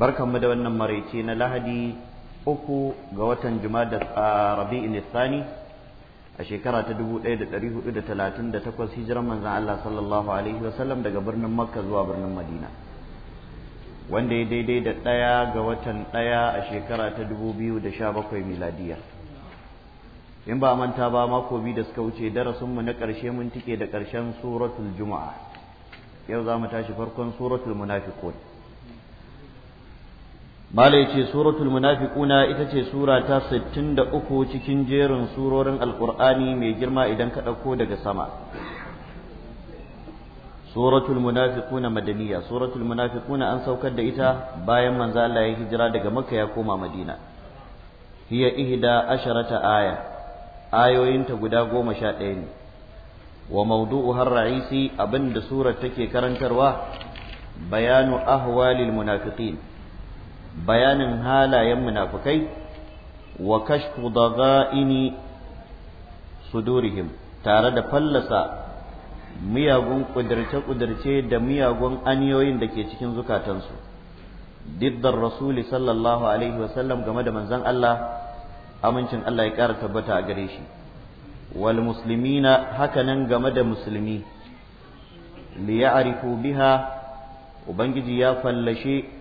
mu da wannan maraice na lahadi uku ga watan jumada a rabi'in tsani a shekara ta 1438 hijiran manzan Allah sallallahu alaihi wasallam daga birnin makka zuwa birnin madina wanda ya daidai da ɗaya ga watan ɗaya a shekara ta 2017 miladiya in ba manta ba mako biyu da suka wuce darasinmu na ƙarshe mun tike da ƙarshen suratul juma'a yau za mu tashi farkon suratul munafiqun malai ce suratul munafiquna ita ce sura ta 63 cikin jerin surorin alqur'ani mai girma idan ka ɗauko daga sama suratul munafiquna madaniya suratul munafiquna an saukar da ita bayan manzo Allah ya hijira daga makka ya koma madina hiya ihda asharata aya ta guda goma sha ɗaya ne wa mawdu'u har raisi abinda surar take karantarwa bayanu ahwalil munafiqin bayanin halayen munafukai wa kashfu dagaini sudurihim tare da fallasa miyagun kudirce-kudirce da miyagun aniyoyin da ke cikin zukatansu diddar rasuli sallallahu alaihi wasallam game da manzon Allah amincin Allah ya ƙara tabbata a gare shi wal muslimina nan game da musulmi liya'rifu biha ubangiji ya fallashe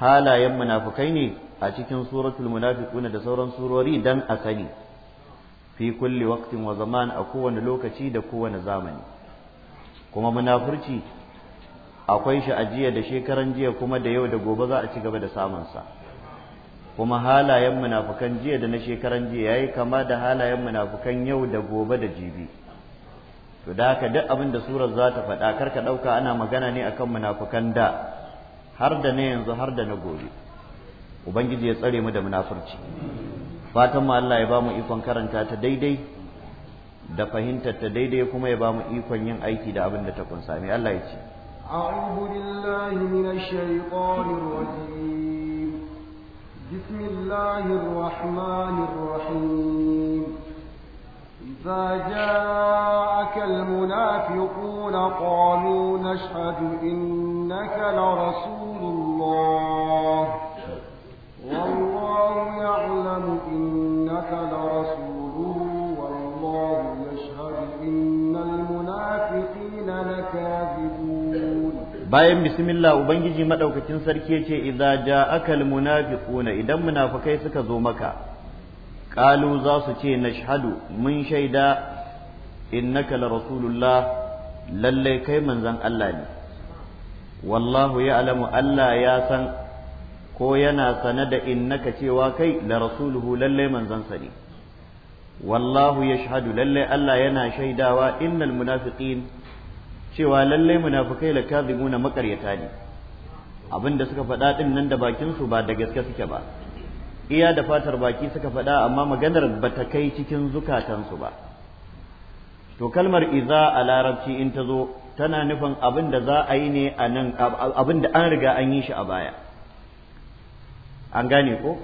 halayen munafukai ne a cikin suratul munafiqun da sauran surori dan a sani fi kulli waqtin wa zaman a kowane lokaci da kowane zamani kuma munafurci akwai shi a jiya da shekaran jiya kuma da yau da gobe za a ci gaba da samun sa kuma halayen munafukan jiya da na shekaran jiya yayi kama da halayen munafukan yau da gobe da jibi to da haka duk abin da surar za ta faɗa kar ka ɗauka ana magana ne akan munafukan da har da na yanzu har da na gobe ubangiji ya tsare mu da munafurci fatan mu Allah ya bamu ikon karanta ta daidai da fahimtar ta daidai kuma ya bamu ikon yin aiki da abin da ta kunsa me Allah ya ce أعوذ بالله من الشيطان الرجيم بسم الله إذا جاءك المنافقون قالوا نشهد إنك لرسول الله والله يعلم إنك لرسوله والله يشهد إن المنافقين لكاذبون bayan bismillah ubangiji madaukakin sarki yace idza ja'aka almunafiquna idan munafikai suka zo maka kalu za su ce nashhadu mun shaida innaka la rasulullah lalle kai manzon Allah ne wallahu ya'lamu Allah ya san ko yana sane da innaka cewa kai la rasuluhu lalle manzon sa ne wallahu yashhadu lalle Allah yana shaidawa innal munafiqin cewa lalle munafikai la kadhibuna makaryata ne abinda suka faɗa din nan da bakin su ba da gaske suke ba iya da fatar baki suka faɗa amma maganar ba ta kai cikin zukatansu ba to kalmar iza a larabci in ta zo tana nufin abin da za a yi ne a nan abin da an riga an yi shi a baya an gane ko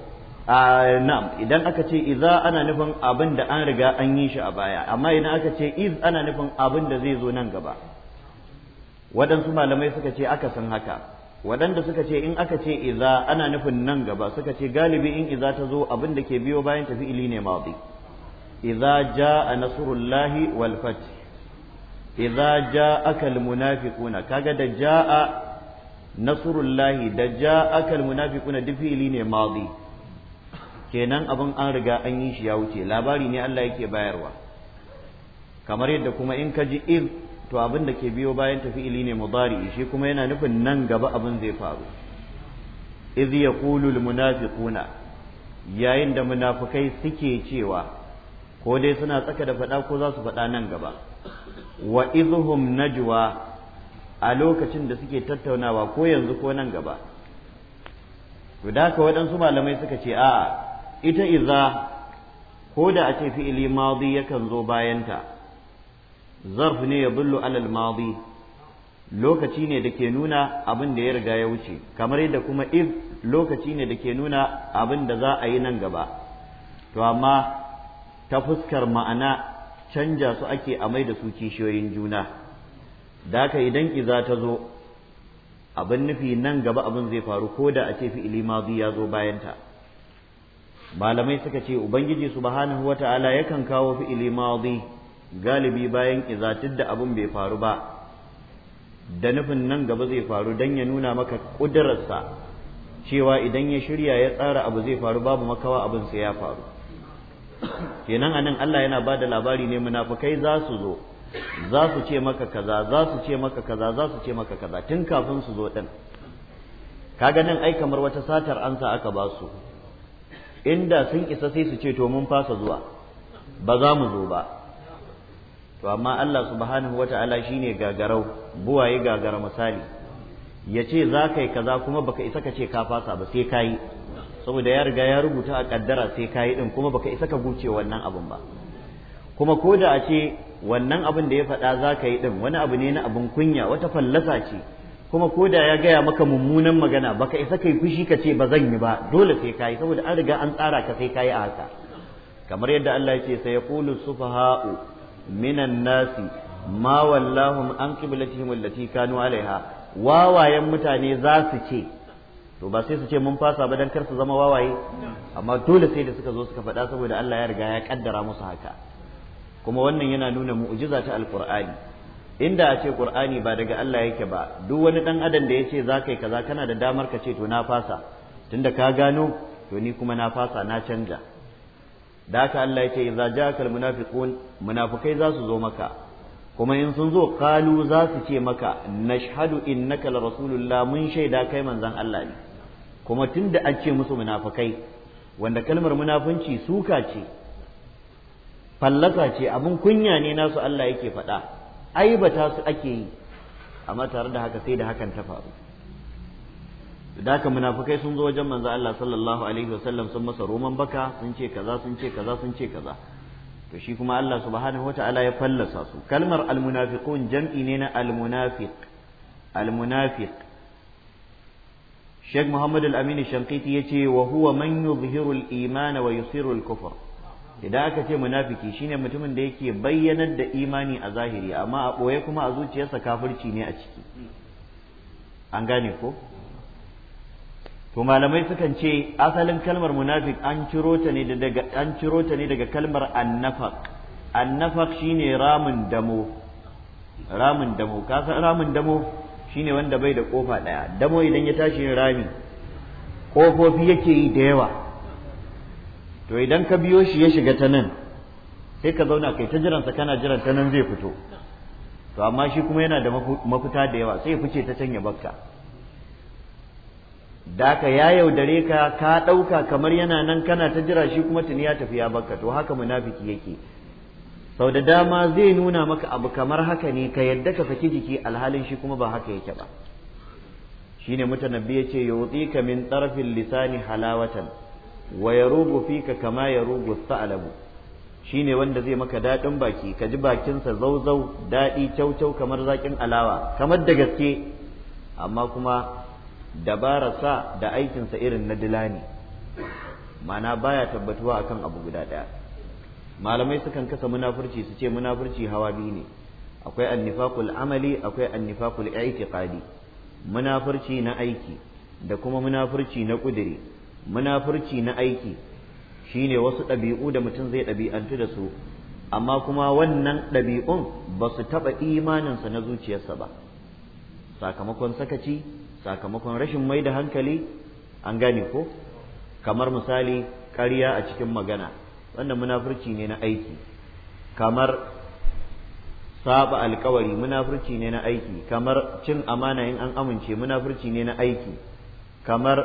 a nam idan aka ce iza ana nufin abin da an riga an yi shi a baya amma idan aka ce iz ana nufin abin da zai zo nan gaba waɗansu malamai suka ce aka san haka waɗanda suka ce in aka ce iza ana nufin nan gaba suka ce galibi in iza ta zo abin da ke biyo bayan ta fi'ili ne madi iza jaa nasrullahi wal fath iza ja'aka al munafiquna kaga da jaa nasrullahi da ja'aka al munafiquna duk fi'ili ne madi kenan abin an riga an yi shi ya wuce labari ne Allah yake bayarwa kamar yadda kuma in ka ji iz to abin da ke biyo bayan tafi'ili ne mudari shi kuma yana nufin nan gaba abin zai faru idh yaqulu almunafiquna yayin da munafikai suke cewa ko dai suna tsaka da faɗa ko za su faɗa nan gaba wa idhum najwa a lokacin da suke tattaunawa ko yanzu ko nan gaba to ka waɗansu malamai suka ce a'a ita iza ko da a ce fi'ili madi yakan zo bayanta zarf ne ya bullu alal madi lokaci ne da ke nuna abin da ya riga ya wuce kamar yadda kuma if lokaci ne da ke nuna abin da za a yi nan gaba to amma ta fuskar ma'ana canja su ake amai da su kishiyoyin juna da haka idan iza ta zo abin nufi nan gaba abin zai faru ko da a ce fi'ili madi ya zo bayanta malamai suka ce ubangiji subhanahu wata'ala yakan kawo fi'ili madi galibi bayan tun da abin bai faru ba da nufin nan gaba zai faru don ya nuna maka ƙudurarsa cewa idan ya shirya ya tsara abu zai faru babu makawa abun sai ya faru kenan anan Allah yana ba da labari ne munafukai za su zo za su ce maka kaza za su ce maka kaza za su ce maka kaza tun kafin su zo ɗin kaga nan ai kamar wata satar ansa aka ba su inda sun isa sai su ce to mun fasa zuwa ba za mu zo ba to amma Allah subhanahu wata'ala shine gagarau buwaye gagara misali ya ce za ka yi kaza kuma baka isa ka ce ka fasa ba sai ka yi saboda ya riga ya rubuta a kaddara sai ka yi din kuma baka isa ka guce wannan abin ba kuma ko da a ce wannan abin da ya faɗa za ka yi din wani abu ne na abin kunya wata fallasa ce kuma ko da ya gaya maka mummunan magana baka isa ka yi fushi ka ce ba zan yi ba dole sai ka yi saboda an riga an tsara ka sai ka yi a haka kamar yadda Allah ya ce sai yaqulu sufaha'u minan nasi ma wallahum an qiblatihim allati kanu alaiha wawayen mutane za su ce to ba sai su ce mun fasa ba dan kar su zama wawaye amma dole sai da suka zo suka faɗa saboda Allah ya riga ya kaddara musu haka kuma wannan yana nuna mu'jiza ta alqur'ani inda a ce qur'ani ba daga Allah yake ba duk wani dan adam da yace za kai kaza kana da damar ka ce to na fasa tunda ka gano to ni kuma na fasa na canja da haka Allah yake idza jaakal munafiqun munafikai za su zo maka kuma in sun zo kalu za su ce maka nashhadu innaka la rasulullah mun shaida kai manzon Allah ne kuma tunda an ce musu munafikai wanda kalmar munafunci suka ce fallasa ce abin kunya ne nasu Allah yake faɗa aibata su ake yi amma tare da haka sai da hakan ta faru da haka munafikai sun zo wajen manzo Allah sallallahu alaihi wasallam sun masa roman baka sun ce kaza sun ce kaza sun ce kaza to shi kuma Allah subhanahu wataala ya fallasa su kalmar almunafiqun jam'i ne na almunafiq almunafiq Sheikh Muhammad Al-Amin Shankiti yace wa huwa man yuzhiru al-iman wa yusiru al-kufr idan aka ce munafiki shine mutumin da yake bayyanar da imani a zahiri amma a boye kuma a zuciyarsa kafirci ne a ciki an gane ko to malamai sukan ce asalin kalmar munafik an ciro ta ne daga an ciro ta ne daga kalmar annafaq annafaq shine ramin damo ramin damo ka san ramin damo shine wanda bai da kofa daya damo idan ya tashi rami kofofi yake yi da yawa to idan ka biyo shi ya shiga ta nan sai ka zauna kai ta jiransa kana jiran ta nan zai fito to amma shi kuma yana da mafuta da yawa sai ya fice ta can ya bakka da ka ya yaudare ka ka ɗauka kamar yana nan kana ta jira shi kuma tuni ya tafiya ya baka to haka munafiki yake sau da dama zai nuna maka abu kamar haka ne ka yadda ka saki jiki alhalin shi kuma ba haka yake ba shine mutanabbi yace ka min tarfil lisani halawatan wa yarubu fika kama yarubu shi shine wanda zai maka daɗin baki ka ji bakinsa zauzau daɗi caucau kamar zaƙin alawa kamar da gaske amma kuma sa da aikinsa irin na dilani mana baya tabbatuwa akan abu guda ɗaya malamai sukan kasa munafurci su ce munafurci hawa biyu ne akwai annifaqul amali akwai annifaqul i'tiqadi munafurci na aiki da kuma munafurci na kudiri munafurci na aiki shine wasu ɗabi'u da mutum zai ɗabi'antu da su amma kuma wannan ɗabi'un ba su taɓa imaninsa na zuciyarsa ba sakamakon sakaci sakamakon rashin mai da hankali an gane ko kamar misali ƙarya a cikin magana wannan munafurci ne na aiki kamar saba alkawari munafurci ne na aiki kamar cin amana in an amince munafurci ne na aiki kamar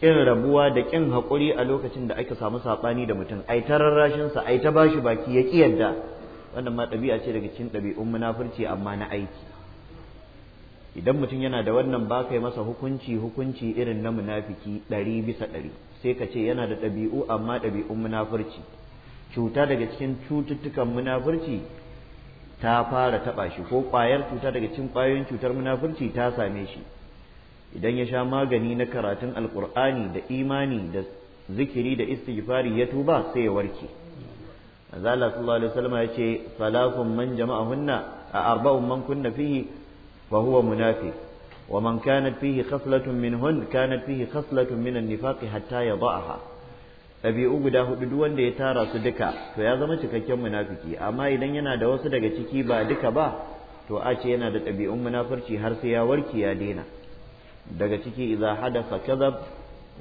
ƙin rabuwa da ƙin haƙuri a lokacin da aka samu saɓani da mutum ai ta rarrashinsa ai ta bashi baki ya ƙi wannan ma ɗabi'a ce daga cikin ɗabi'un munafurci amma na aiki idan mutum yana da wannan ba kai masa hukunci hukunci irin na munafiki ɗari bisa ɗari sai ka ce yana da ɗabi'u amma ɗabi'un munafurci cuta daga cikin cututtukan munafurci ta fara taɓa shi ko ƙwayar cuta daga cikin ƙwayoyin cutar munafurci ta same shi idan ya sha magani na karatun alƙur'ani da imani da zikiri da istighfari ya tuba sai ya warke azala sallallahu alaihi wasallam ya ce salafun man jama'ahunna a arba'un man kunna fihi فهو منافق ومن كانت فيه خصلة منهن كانت فيه خصلة من النفاق حتى يضعها ɗabi'u guda hudu duk wanda ya tara su duka to ya zama cikakken munafuki amma idan yana da wasu daga ciki ba duka ba to a ce yana da ɗabi'un munafurci har sai ya warke ya daina daga ciki idza hadatha kadhab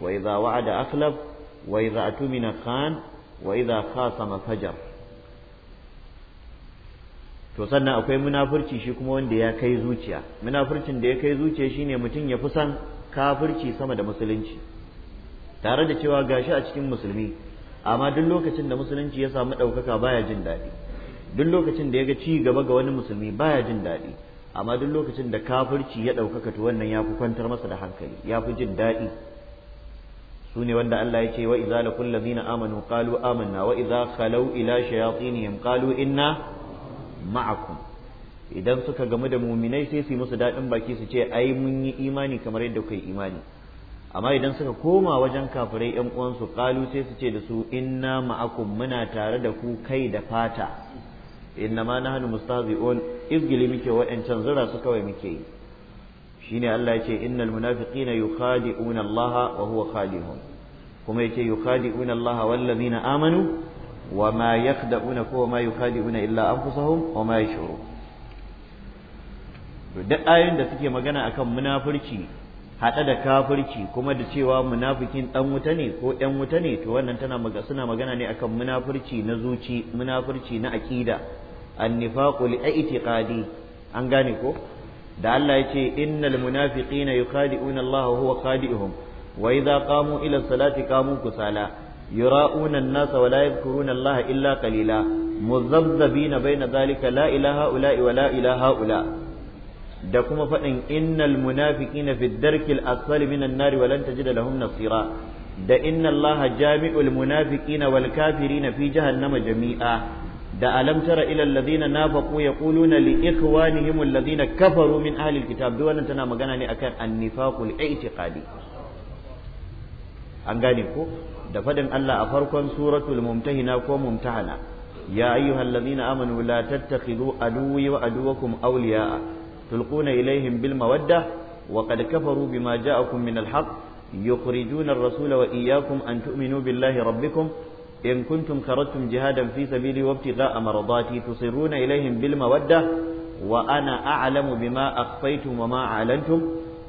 wa idza wa'ada akhlab wa idza atumina kan wa idza kasa fajar to sannan akwai munafurci shi kuma wanda ya kai zuciya munafurcin da ya kai zuciya shine mutum ya fi san kafirci sama da musulunci tare da cewa gashi a cikin musulmi amma duk lokacin da musulunci ya samu ɗaukaka baya jin daɗi duk lokacin da ya ga ci gaba ga wani musulmi baya jin daɗi amma duk lokacin da kafirci ya ɗaukaka to wannan ya fi kwantar masa da hankali ya fi jin daɗi su ne wanda Allah ya ce wa idza laqul ladina amanu qalu amanna wa idza khalau ila shayatinihim qalu inna ma'akum idan suka gamu da muminai sai su yi musu daɗin baki su ce ai mun yi imani kamar yadda kuke imani amma idan suka koma wajen kafirai yan uwansu kalu sai su ce da su inna ma'akum muna tare da ku kai da fata inna ma nahnu mustahzi'un izgili muke wa'ancan zura su kawai muke yi shine Allah ya ce innal munafiqina yukhadi'una Allah wa huwa khadi'uhum kuma yace yukhadi'una Allah wal ladina amanu وما يخدعون وما يخادعون إلا أنفسهم وما يشعرون duk ayoyin da suke magana akan munafurci haɗe da kafirci kuma da cewa munafikin ɗan wuta ne ko ɗan wuta ne to wannan tana suna magana ne akan munafurci na zuci munafurci na aƙida annifaqu li i'tiqadi an gane ko da Allah ya ce innal munafiqina yukhadi'una Allah huwa khadi'uhum wa idza qamu ila salati qamu kusala yura'una an-nasa wa la yadhkuruna Allah illa qalila muzabzabina baina zalika la ilaha ula wa la ilaha ula da kuma faɗin innal munafiqina fi darkil asfali minan nari wa lan tajida lahum nasira da inna jami'ul munafiqina wal kafirina fi jahannama jami'a da alam tara ila alladhina nafaqu yaquluna li ikhwanihim alladhina kafaru min ahli alkitab duk wannan tana magana ne akan annifaqul i'tiqadi an gane ko da fadin Allah a farkon suratul mumtahina ko mumtahana ya ayyuhal ladina amanu la tattakhidhu aduwwi wa aduwwakum awliya'a tulquna ilaihim bil mawadda wa qad kafaru bima ja'akum min al haqq yukhrijuna ar-rasula wa iyyakum an tu'minu billahi rabbikum in kuntum kharajtum jihadan fi sabili wa ibtigha'a maradati tusirruna ilaihim bil mawadda وأنا أعلم بما أخفيتم وما أعلنتم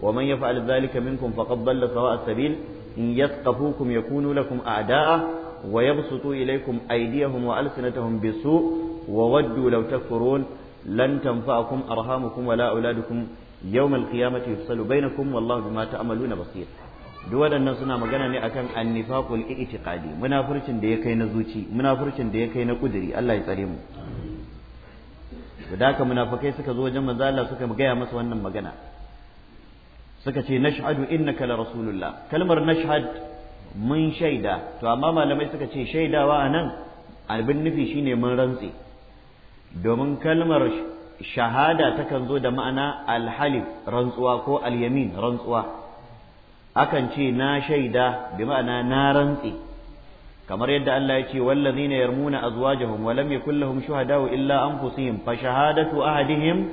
ومن يفعل ذلك منكم فقد ضل سواء السبيل in yaskafukum yakunu lakum a'da'a ويبسطوا إليكم أيديهم وألسنتهم بسوء وودوا لو تكفرون لن تنفعكم أرهامكم ولا أولادكم يوم القيامة يفصل بينكم والله بما تعملون بصير duwa nan suna magana ne akan annifaqul i'tiqadi munafurcin da ya kai na zuci munafurcin da ya kai na kuduri Allah ya tsare mu da haka munafakai suka zo wajen manzo Allah suka gaya masa wannan magana suka ce nashhadu innaka la rasulullah kalmar nashhad mun shaida to amma malamai suka ce shaidawa anan abin nufi shine mun rantse domin kalmar shahada takan zo da ma'ana alhalif rantsuwa ko alyamin rantsuwa akan ce na shaida bi ma'ana na rantse kamar yadda Allah ya ce wallazina yarmuna azwajahum wa lam yakul lahum shuhada'u illa anfusihim fa shahadatu ahadihim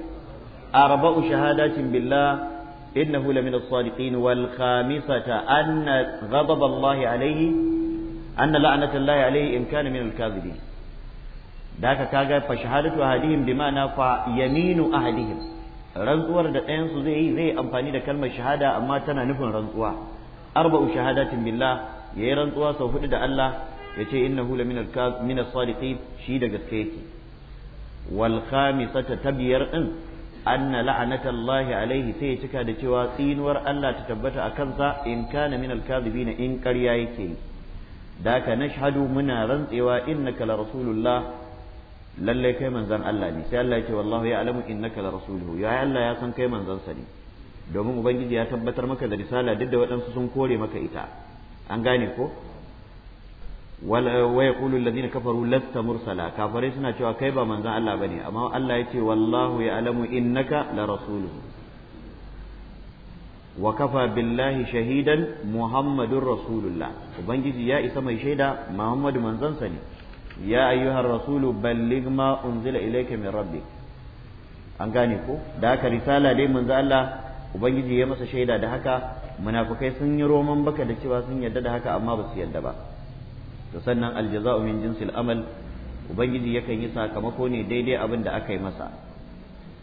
arba'u shahadatin billah إنه لمن الصادقين والخامسة أن غضب الله عليه أن لعنة الله عليه إن كان من الكاذبين ذاك كاغا فشهادة أهلهم بمعنى فيمين أهلهم rantsuwar da ɗayansu zai yi amfani da kalmar shahada amma tana nufin rantsuwa arba'u shahadatin billah yayi rantsuwa sau huɗu da Allah yace innahu laminal min as-sadiqin shi da gaske yake wal anna la'anatallahi alaihi sai ya cika da cewa tsinuwar Allah ta tabbata a kansa in kana min na in karya yake yi da ka nashhadu muna rantsewa innaka la rasulullah lalle kai manzan Allah ne sai Allah ya ce wallahu ya'lamu innaka la rasuluhu ya Allah ya san kai manzon sa ne domin ubangiji ya tabbatar maka da risala duk da waɗansu sun kore maka ita an gane ko wa yaqulu alladhina kafaru lasta mursala kafirai suna cewa kai ba manzon Allah bane amma Allah yace wallahu ya'lamu innaka la rasuluhu wa kafa billahi shahidan muhammadur rasulullah ubangiji ya isa mai shaida muhammadu manzon sa ne ya ayyuhar rasulu balligh ma unzila ilayka min rabbik an gane ko da haka risala dai manzon Allah ubangiji ya masa shaida da haka munafukai sun yi roman baka da cewa sun yarda da haka amma ba su yarda ba to sannan aljaza'u min jinsil amal ubangiji yakan yi sakamako ne daidai abin da aka yi masa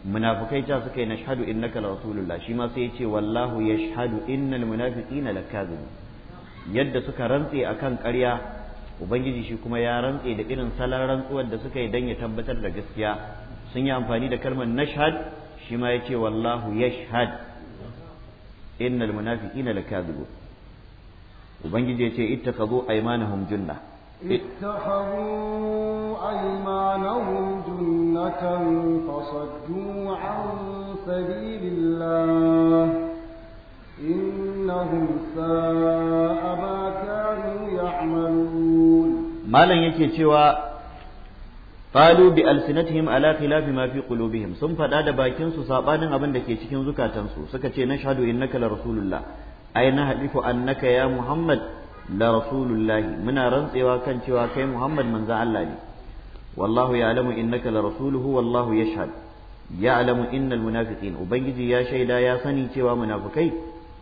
munafukai ta suka yi nashhadu innaka la rasulullah shi ma sai ya ce wallahu yashhadu innal munafiqina lakazib yadda suka rantse akan ƙarya ubangiji shi kuma ya rantse da irin salon rantsuwar da suka yi dan ya tabbatar da gaskiya sun yi amfani da kalmar nashhad shi ma ya ce wallahu yashhad innal munafiqina lakazibun ubangiji ya ce ittakhadhu aymanahum junna ittakhadhu aymanahum junnatan fasaddu an sabilillah innahum sa'a ma kanu ya'malun malam yake cewa qalu bi alsinatihim ala khilafi ma fi qulubihim sun fada da bakin su sabanin abin da ke cikin zukatansu suka ce nashhadu innaka la rasulullah ai na annaka ya Muhammad da rasulullahi muna rantsewa kan cewa kai Muhammad manzo Allah ne wallahu ya'lamu innaka la rasuluhu wallahu yashhad ya'lamu innal munafiqin ubangiji ya shaida ya sani cewa munafikai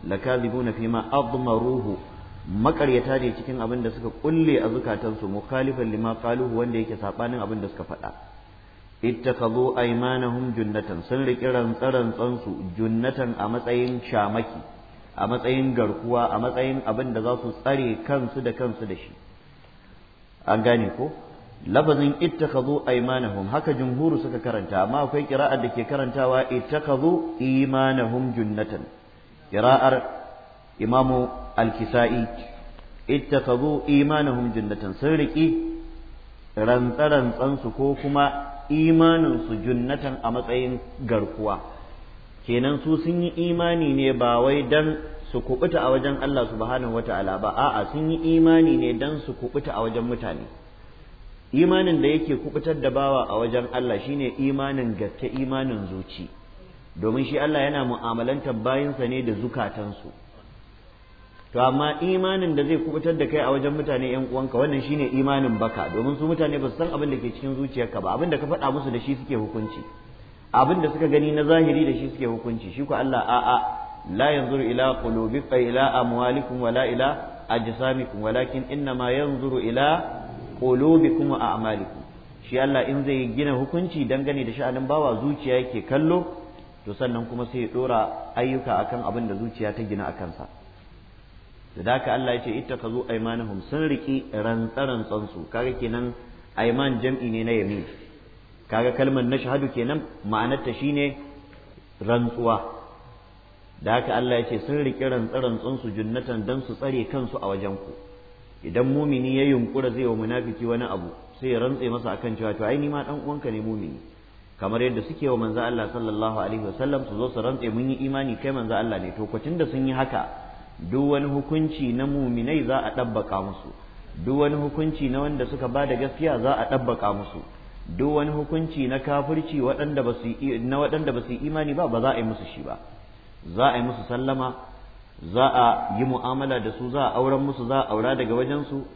lakazibuna fima admaruhu makaryata ne cikin abin da suka kulle a zukatansu mukhalifan lima qaluhu wanda yake sabanin abin da suka faɗa ittakhadhu aymanahum junnatan sun riƙi rantsarantsan su junnatan a matsayin shamaki a matsayin garkuwa a matsayin abin da za su tsare kansu da kansu da shi an gane ko lafazin ittakhadhu aymanahum haka jumhuru suka karanta amma akwai qira'ar da ke karantawa ittakhadhu imanahum junnatan qira'ar imamu al-kisa'i ittakhadhu imanahum junnatan sun riki rantsarantsansu ko kuma imaninsu junnatan a matsayin garkuwa kenan su sun yi imani ne ba wai dan su kubuta a wajen Allah subhanahu wata'ala ba a'a sun yi imani ne dan su kubuta a wajen mutane imanin da yake kubutar da bawa a wajen Allah shine imanin gaske imanin zuci domin shi Allah yana mu'amalantar bayinsa ne da zukatansu to amma imanin da zai kubutar da kai a wajen mutane yan uwanka wannan shine imanin baka domin su mutane ba su san abin da ke cikin zuciyarka ba abin da ka faɗa musu da shi suke hukunci abin da suka gani na zahiri da shi suke hukunci shi ko Allah a'a la yanzuru ila qulubikum ila amwalikum wala ila ajsamikum walakin innama yanzuru ila qulubikum wa a'malikum shi Allah in zai yi gina hukunci dangane da sha'anin bawa zuciya yake kallo to sannan kuma sai ya dora ayyuka akan abin da zuciya ta gina akan sa da Allah ya ce ita ittakazu aymanahum sun riki rantsa rantsan su kaga kenan ayman jam'i ne na yamin kaga kalmar shahadu kenan ma'anarta shine rantsuwa da haka Allah ya ce sun riƙi rantsa su junnatan dan su tsare kansu a wajen ku idan mumini ya yunkura zai wa munafiki wani abu sai ya rantse masa akan cewa to ai ni ma dan uwanka ne mumini kamar yadda suke wa manzo Allah sallallahu alaihi wasallam su zo su rantse mun yi imani kai manzo Allah ne to kwacin da sun yi haka duk wani hukunci na muminai za a ɗabbaka musu duk wani hukunci na wanda suka ba da gaskiya za a ɗabbaka musu duk wani hukunci na kafirci na waɗanda ba su yi imani ba ba za a yi musu shi ba za a yi musu sallama za a yi mu'amala da su za a auren musu za a aura daga wajensu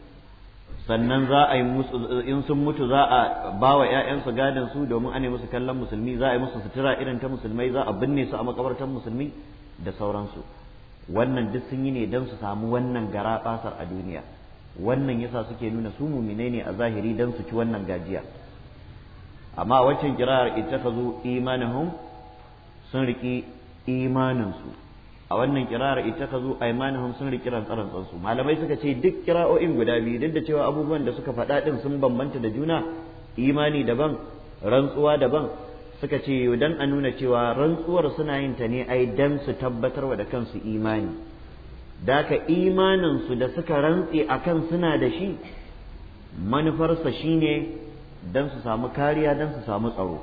sannan za a yi musu in sun mutu za a ba wa ‘ya'yansu gadon su domin ane musu kallon musulmi za a yi musu sutura irin ta musulmai za a binne su a makabartar musulmi da sauransu wannan duk sun yi ne don su samu wannan gara a duniya wannan yasa suke nuna su mumine ne a zahiri don su ci wannan gajiya amma waccan kira'ar ittakhadhu imanahum sun riki imaninsu a wannan kira'ar ittakhadhu imanahum sun riki rantsaran malamai suka ce duk kira'o'in guda biyu duk da cewa abubuwan da suka faɗa din sun bambanta da juna imani daban rantsuwa daban suka ce dan a nuna cewa rantsuwar suna yin ta ne ai dan su wa da kansu imani daka imaninsu da suka rantse akan suna da shi manufarsa shine don su samu kariya don su samu tsaro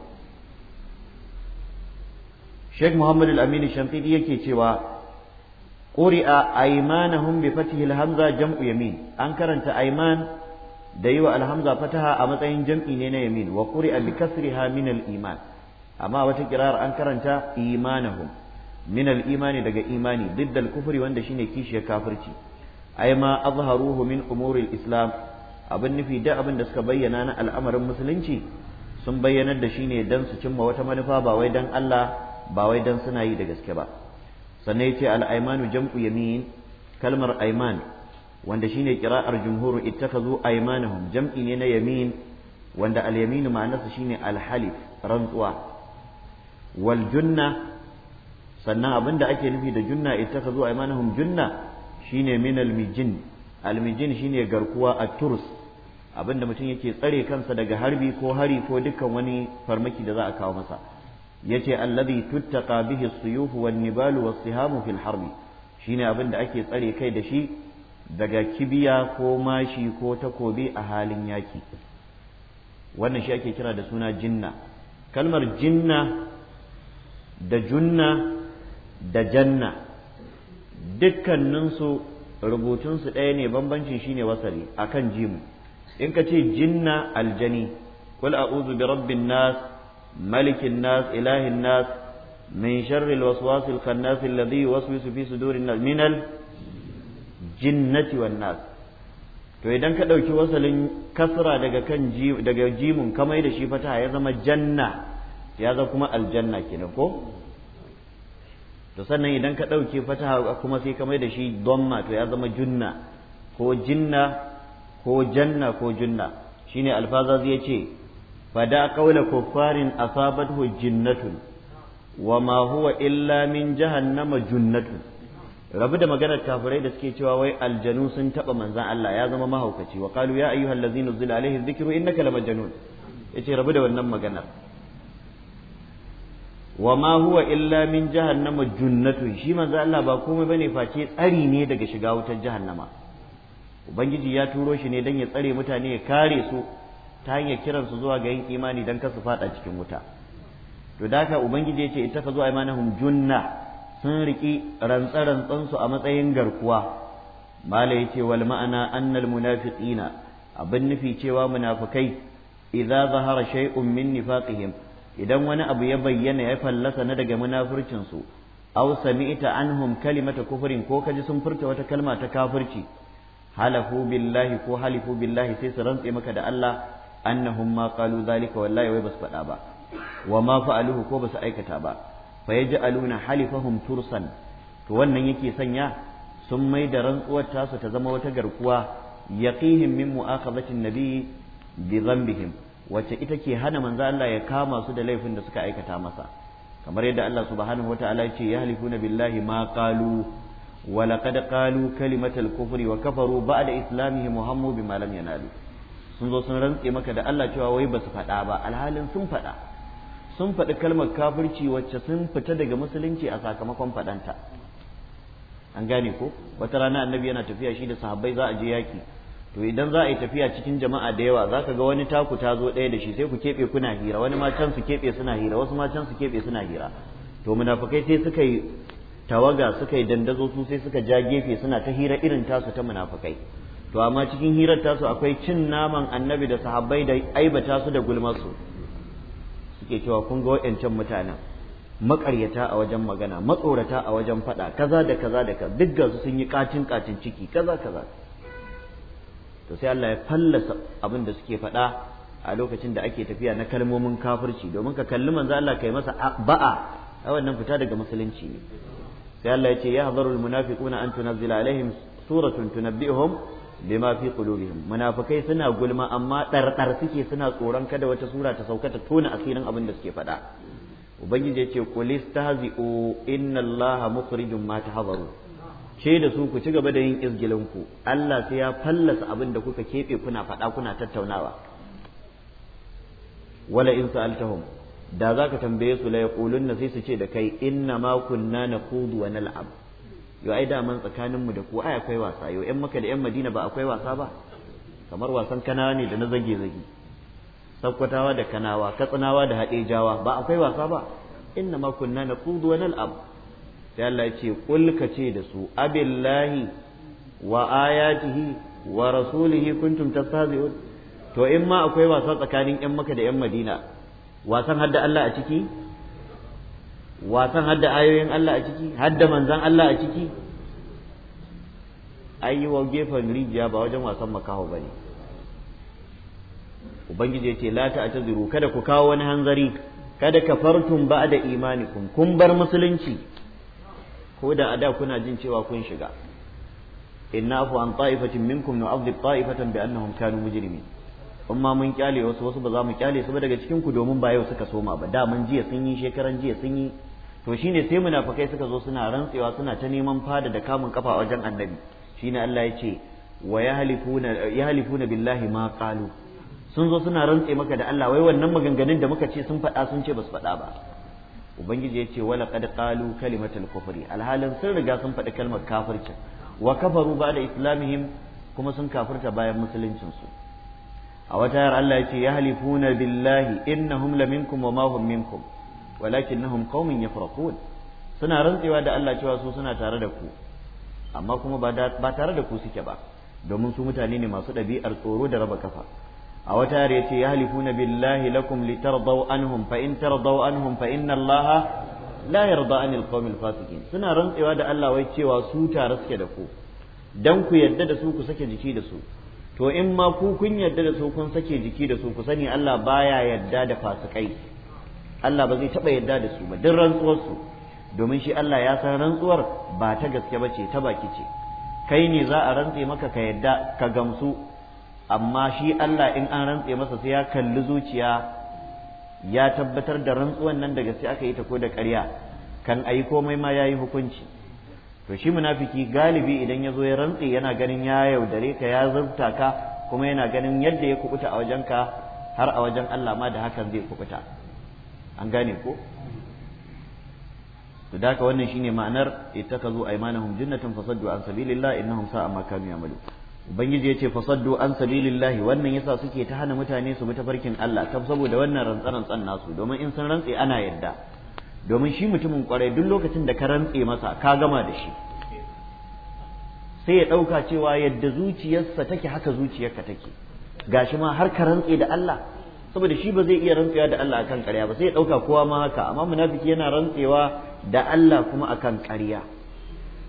Sheikh Muhammad Al-Amin Shantidi yake cewa ƙuri'a aymanahum bi fatihi al-hamza jam'u yamin an karanta ayman da yi wa alhamza fataha a matsayin jam'i ne na yamin wa quri'a bi kasriha min al-iman amma wata kirar an karanta imanahum min al-imani daga imani didda al-kufri wanda shine kishiyar kafirci ay ma azharuhu min umuri al-islam abin nufi duk abin da suka bayyana na al'amarin musulunci sun bayyanar da shi ne don su cimma wata manufa ba wai don Allah ba wai don suna yi da gaske ba sannan ya ce al'aimanu jam'u yamin kalmar aiman wanda shine kira'ar jumhur ittakazu aimanahum jam'i ne na yamin wanda al-yaminu ma'anarsa shine al-halif rantsuwa wal junna sannan abin da ake nufi da junna ittakazu aimanahum junna shine min al-mijin al-mijin shine garkuwa at-turs abinda mutum yake tsare kansa daga harbi ko hari ko dukkan wani farmaki da za a kawo masa yace allazi tuttaqa bihi suyuh wan nibalu was sihamu fil harbi shine abinda ake tsare kai da shi daga kibiya ko mashi ko takobi a halin yaki wannan shi ake kira da suna jinna kalmar jinna da junna da janna dukkaninsu rubutunsu ɗaya ne bambanci shine wasali akan jimu in ka ce jinna aljani kul a'udhu bi rabbin nas malikin nas ilahin nas min sharri alwaswas alkhannas alladhi yuwaswisu fi sudurin nas min al jinnati wan nas to idan ka dauki wasalin kasra daga kan daga jimun kamar da shi fata ya zama janna ya zama kuma aljanna kenan ko to sannan idan ka ɗauke fataha kuma sai ka mai da shi domma to ya zama junna ko jinna ko janna ko junna shine alfaza zai ce fada kaula kuffarin asabathu jinnatun wa ma huwa illa min jahannama junnatun rabu da maganar kafirai da suke cewa wai aljanu sun taba manzan Allah ya zama mahaukaci wa qalu ya ayyuhal ladzina zila alaihi dhikru innaka lamajnun yace rabu da wannan maganar wa ma huwa illa min jahannama junnatun shi manzan Allah ba komai bane face tsari ne daga shiga wutar jahannama ubangiji ya turo shi ne don ya tsare mutane ya kare su ta hanyar kiran su zuwa ga yin imani don kasu fada cikin wuta to da haka ubangiji ya ce ittakhadhu aymanahum junna sun riki rantsa rantsan su a matsayin garkuwa mala ce wal ma'ana annal munafiqina abin nufi cewa munafikai idza zahara shay'un min nifaqihim idan wani abu ya bayyana ya fallasa na daga munafircin su aw sami'ta anhum kalimata kufrin ko kaji sun furta wata kalma ta kafirci halafu billahi ko halifu billahi sai su rantse maka da Allah annahum ma qalu zalika wallahi wai basu faɗa ba wa ma fa'aluhu ko basu aikata ba fa yaj'aluna halifahum tursan to wannan yake sanya sun mai da rantsuwar tasu ta zama wata garkuwa yaqihim min mu'aqabatin nabi bi dhanbihim wacce ita ke hana manzo Allah ya kama su da laifin da suka aikata masa kamar yadda Allah subhanahu wataala ya ce ya halifuna billahi ma qalu ولقد قالوا كلمة الكفر وكفروا بعد إسلامهم وهموا بما لم ينالوا sun zo sun rantse maka da Allah cewa wai ba su faɗa ba alhalin sun faɗa sun faɗi kalmar kafirci wacce sun fita daga musulunci a sakamakon faɗanta an gane ko wata rana annabi yana tafiya shi da sahabbai za a je yaki to idan za a yi tafiya cikin jama'a da yawa zaka ga wani taku ta zo ɗaya da shi sai ku keɓe kuna hira wani ma can su keɓe suna hira wasu ma can su keɓe suna hira to munafukai sai suka yi tawaga suka yi dandazo su sai suka ja gefe suna ta hira irin tasu ta munafukai to amma cikin hirar tasu akwai cin naman annabi da sahabbai da aibata su da gulmarsu suke cewa kun ga wa'yancan mutanen maƙaryata a wajen magana matsorata a wajen faɗa kaza da kaza da kaza duk su sun yi katin katin ciki kaza kaza to sai Allah ya fallasa abin da suke faɗa a lokacin da ake tafiya na kalmomin kafirci domin ka kalli manzo Allah kai masa ba'a a wannan fita daga musulunci ne sai Allah ya ce ya hadarul munafiquna an tunzila alaihim suratun tunabbihum bima fi qulubihim munafikai suna gulma amma ɗarɗar suke suna tsoron kada wata sura ta sauka ta tona asirin abin da suke faɗa ubangiji yace qul istahzi'u inna allaha mukhrijum ma tahzaru ce da su ku ci gaba da yin izgilin ku Allah sai ya fallasa abin da kuka kebe kuna faɗa kuna tattaunawa wala in sa'altahum da za ka tambaye su la na sai su ce da kai inna ma kunna naqudu wa nal'ab yo ai da man tsakanin mu da ku ai akwai wasa yo ƴan maka da ƴan madina ba akwai wasa ba kamar wasan kanawa ne da na zage zage sakkwatawa da kanawa katsinawa da haɗejawa ba akwai wasa ba inna ma kunna naqudu wa nal'ab sai Allah ya ce kul ka ce da su abillahi wa ayatihi wa rasulihi kuntum tastahzi'un to in ma akwai wasa tsakanin ƴan maka da ƴan madina wasan hadda Allah a ciki wasan hadda ayoyin Allah a ciki hadda manzan Allah a ciki ai wa gefen rijiya ba wajen wasan makaho ba ne ubangiji ya ce la ta ataziru kada ku kawo wani hanzari kada ka fartun ba da imanikum kun bar musulunci ko da a da kuna jin cewa kun shiga inna afu an ta'ifatin minkum nu'adhib ta'ifatan bi annahum kanu mujrimin in ma mun kyale wasu wasu ba za mu kyale su ba daga cikin ku domin ba yau suka soma ba da mun jiya sun yi shekaran jiya sun yi to shine sai munafikai suka zo suna rantsewa suna ta neman fada da kamun kafa wajen annabi shine Allah ya ce wa yahlifuna billahi ma qalu sun zo suna rantse maka da Allah wai wannan maganganun da muka ce sun faɗa sun ce basu faɗa ba ubangiji ya ce wala qad qalu kalimatul kufri alhalin sun riga sun faɗi kalmar kafirci wa kafaru ba da islamihim kuma sun kafirta bayan musuluncin su a wata yar Allah yace yahlifuna billahi innahum laminkum wa ma hum minkum walakinnahum qaumun yafraqun suna rantsewa da Allah cewa su suna tare da ku amma kuma ba tare da ku suke ba domin su mutane ne masu ɗabi'ar tsoro da raba kafa a wata yare yace yahlifuna billahi lakum litardaw anhum fa in tardaw anhum fa inna allaha la yarda anil qawmil fasiqin suna rantsewa da Allah wai cewa su tare suke da ku dan ku yadda da su ku sake jiki da su to in ma ku kun yarda da su kun sake jiki da su ku sani Allah baya yarda da fasikai Allah ba zai taba yarda da su ba duk rantsuwar su domin shi Allah ya san rantsuwar ba ta gaske ba ce ta baki ce kai ne za a rantse maka ka yarda ka gamsu amma shi Allah in an rantse masa sai ya kalli zuciya ya tabbatar da rantsuwar nan da gaske aka yi ta ko da ƙarya kan ayi komai ma yayi hukunci to shi munafiki galibi idan ya zo ya rantse yana ganin ya yaudare ka ya zubta ka kuma yana ganin yadda ya kubuta a wajen ka har a wajen Allah ma da hakan zai kubuta an gane ko to da wannan shine ma'anar ittakazu aymanahum jannatan fasaddu an sabilillah innahum sa'a ma kanu ya'malu ubangiji yace fasaddu an sabilillah wannan yasa suke ta hana mutane su bi tafarkin Allah saboda wannan rantsan rantsan nasu domin in sun rantse ana yadda domin shi mutumin kwarai duk lokacin da ka rantse masa ka gama da shi sai ya ɗauka cewa yadda zuciyarsa take haka zuciyarka take gashi ma har ka rantse da Allah saboda shi ba zai iya rantsewa da Allah akan ƙarya ba sai ya ɗauka kowa ma haka amma munafiki yana rantsewa da Allah kuma akan ƙarya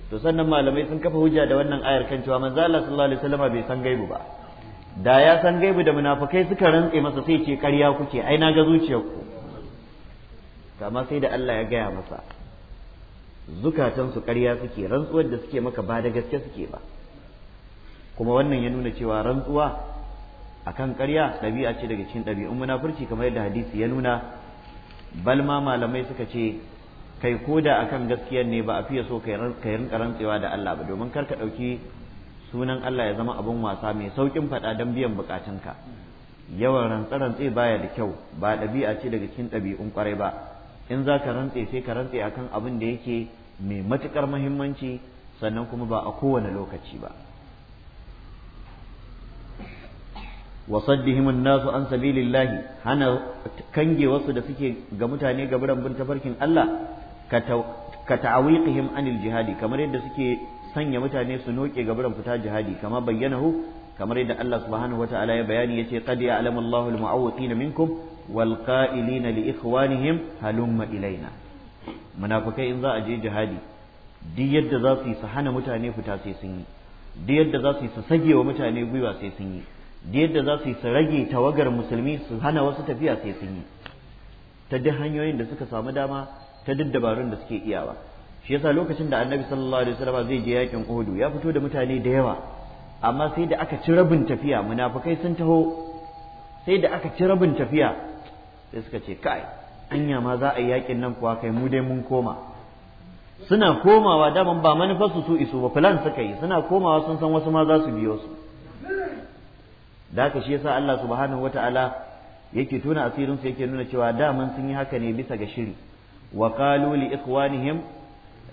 to sannan malamai sun kafa hujja da wannan ayar kan cewa manzo Allah sallallahu alaihi wasallam bai san gaibu ba da ya san gaibu da munafikai suka rantse masa sai ce ƙarya kuke ai na ga zuciyarku kamar sai da Allah ya gaya masa zukatansu ƙarya suke rantsuwar da suke maka ba da gaske suke ba kuma wannan ya nuna cewa rantsuwa akan ƙarya ɗabi'a ce daga cikin ɗabi'un munafurci kamar yadda hadisi ya nuna balma malamai suka ce kai ko da akan gaskiyar ne ba a fiye so kai rinka rantsewa da Allah ba domin kar ka ɗauki sunan Allah ya zama abin wasa mai sauƙin faɗa don biyan buƙatunka yawan rantse-rantse baya da kyau ba ɗabi'a ce daga cikin ɗabi'un ƙwarai ba in za ka rantse sai ka rantse akan abin da yake mai matukar muhimmanci sannan kuma ba a kowane lokaci ba wasaddihim nasu an sabilillahi hana kange wasu da suke ga mutane ga bin tafarkin Allah ka ta'awiqihim anil jihadi kamar yadda suke sanya mutane su noke ga fita jihadi kama bayyanahu kamar yadda Allah subhanahu wataala ya bayani yace qad ya'lamu Allahu al-mu'awwiqina minkum والقائلين لإخوانهم هلم إلينا منافقين إن ذا أجي جهادي دي يد ذا في سحنا متعني فتاسي سنين duk yadda za su yi su sage wa mutane gwiwa sai sun yi duk yadda za su yi su rage tawagar musulmi su hana wasu tafiya sai sun yi ta duk hanyoyin da suka samu dama ta duk dabarun da suke iyawa shi yasa lokacin da annabi sallallahu alaihi wasallam zai je yakin uhudu ya fito da mutane da yawa amma sai da aka ci rabin tafiya munafikai sun taho sai da aka ci rabin tafiya sai suka ce kai anya ma za a yi yakin nan kuwa kai mu dai mun koma suna komawa daman ba manufar su isu ba filan suka yi suna komawa sun san wasu ma za su biyo su da haka shi yasa Allah subhanahu wata'ala yake tuna asirin su yake nuna cewa daman sun yi haka ne bisa ga shiri wa qalu li ikhwanihim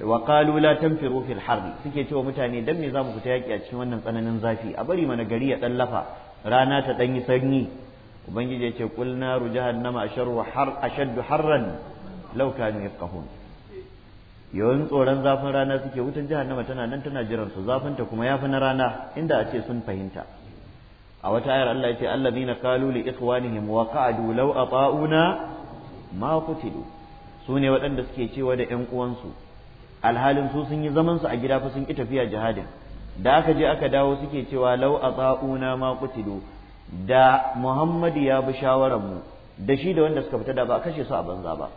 wa qalu la tanfiru fil harbi suke cewa mutane dan me za mu fita yaki a cikin wannan tsananin zafi a bari mana gari ya dan rana ta dan yi sanyi ubangiji ya ce qul naru jahannama asharru har ashaddu harran law kanu yafqahun yawan tsoron zafin rana suke wutan jahannama tana nan tana jiran su zafin ta kuma yafi na rana inda a ce sun fahimta a wata ayar Allah ya ce allazina qalu li ikhwanihim wa qa'adu law ata'una ma su ne waɗanda suke cewa da ƴan uwansu alhalin su sun yi zaman su a gida fa sun ki tafiya jihadin da aka je aka dawo suke cewa law ata'una ma da Muhammadu ya bi shawarar mu da shi da wanda suka fita da ba a kashe su a banza ba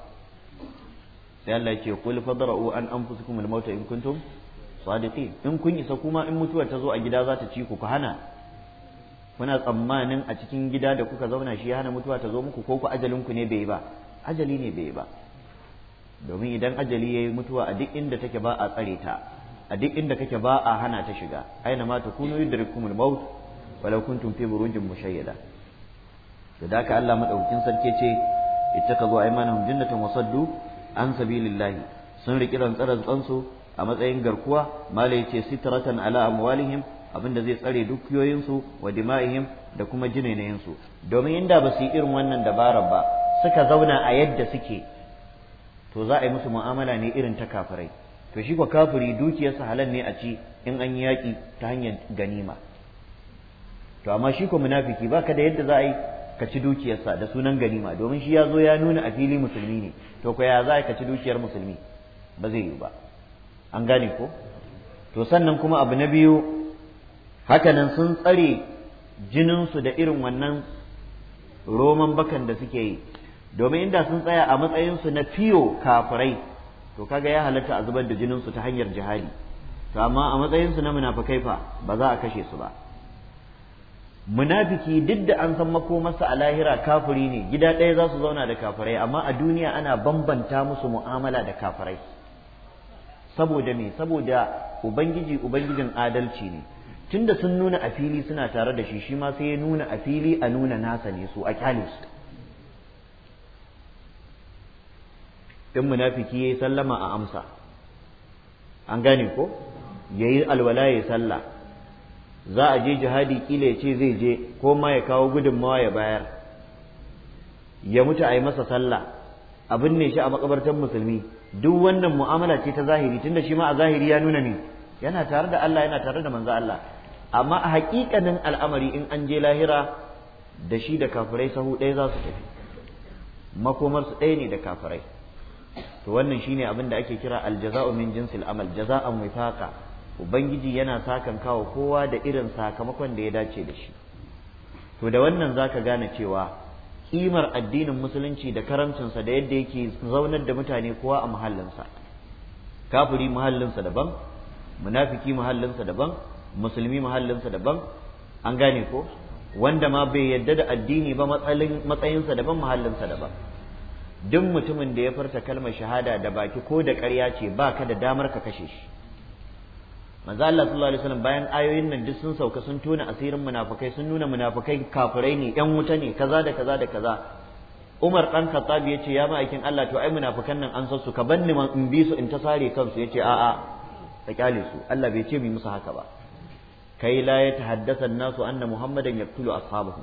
sai Allah yake kul fadra'u an anfusukum al-maut in kuntum sadiqin in kun isa kuma in mutuwar ta zo a gida za ta ci ku ku hana kuna tsammanin a cikin gida da kuka zauna shi ya hana mutuwa ta zo muku ko ku ajalin ku ne bai ba ajali ne bai ba domin idan ajali yayi mutuwa a duk inda take ba a tsare ta a duk inda kake ba a hana ta shiga aina ma takunu yudrikumul maut walau kuntum fi burujin mushayyada da daka Allah madaukin sarki ce ittakazu aymanahum jannatan wasaddu an sabilillahi sun riki rantsaran tsansu a matsayin garkuwa mala yace sitratan ala amwalihim abinda zai tsare dukiyoyinsu wa dima'ihim da kuma su domin inda ba su yi irin wannan dabarar ba suka zauna a yadda suke to za a yi musu mu'amala ne irin ta kafirai to shi kwa kafiri dukiyarsa halal ne a ci in an yi yaƙi ta hanyar ganima to amma shi ko munafiki baka da yadda za a yi ka ci dukiyarsa da sunan ganima domin shi ya zo ya nuna a fili musulmi ne to ko ya za a ka ci dukiyar musulmi ba zai yi ba an gane ko to sannan kuma abu na biyu hakanan sun tsare jininsu da irin wannan roman bakan da suke yi domin inda sun tsaya a matsayinsu na fiyo kafirai to kaga ya halatta a zubar da jininsu ta hanyar jihadi to amma a matsayinsu na munafukai fa ba za a kashe su ba munafiki duk da an san makomarsa a lahira kafiri ne gida ɗaya za su zauna da kafirai amma a duniya ana bambanta musu mu'amala da kafirai saboda me saboda ubangiji ubangijin adalci ne tunda sun nuna a fili suna tare da shi shi ma sai ya nuna a fili a nuna nasa ne su a kyale su in munafiki yayi sallama a amsa an gane ko yayi alwala yayi sallah za a je jihadi kila ya ce zai je ko ma ya kawo gudunmawa ya bayar ya mutu a yi masa sallah Abin ne shi a makabartar musulmi duk wannan mu'amala ce ta zahiri tunda shi ma a zahiri ya nuna ne yana tare da Allah yana tare da manzo Allah amma a haƙiƙanin al'amari in an je lahira da shi da kafirai sahu ɗaya za su tafi makomar su ɗaya ne da kafirai to wannan shine abin da ake kira aljaza'u min jinsil amal jaza'an wifaqa ubangiji yana sakan kawo kowa da irin sakamakon da ya dace da shi to da wannan zaka gane cewa kimar addinin musulunci da karancinsa da yadda yake zaunar da mutane kowa a muhallinsa kafiri muhallinsa daban munafiki muhallinsa daban musulmi muhallinsa daban an gane ko wanda ma bai yadda da addini ba matsayinsa daban muhallinsa daban duk mutumin da ya furta kalmar shahada da baki ko da ƙarya ce ba ka da damar ka kashe shi manzo Allah sallallahu alaihi wasallam bayan ayoyin nan duk sun sauka sun tona asirin munafikai sun nuna munafikai kafirai ne yan wuta ne kaza da kaza da kaza Umar dan Khattab ya ce ya ma'aikin Allah to ai munafikan nan an san su ka banni ma in bi su in ta sare kansu yace a'a ka kyale su Allah bai ce bi musu haka ba kai la ya tahaddasa nasu anna muhammadan yaqtulu ashabahu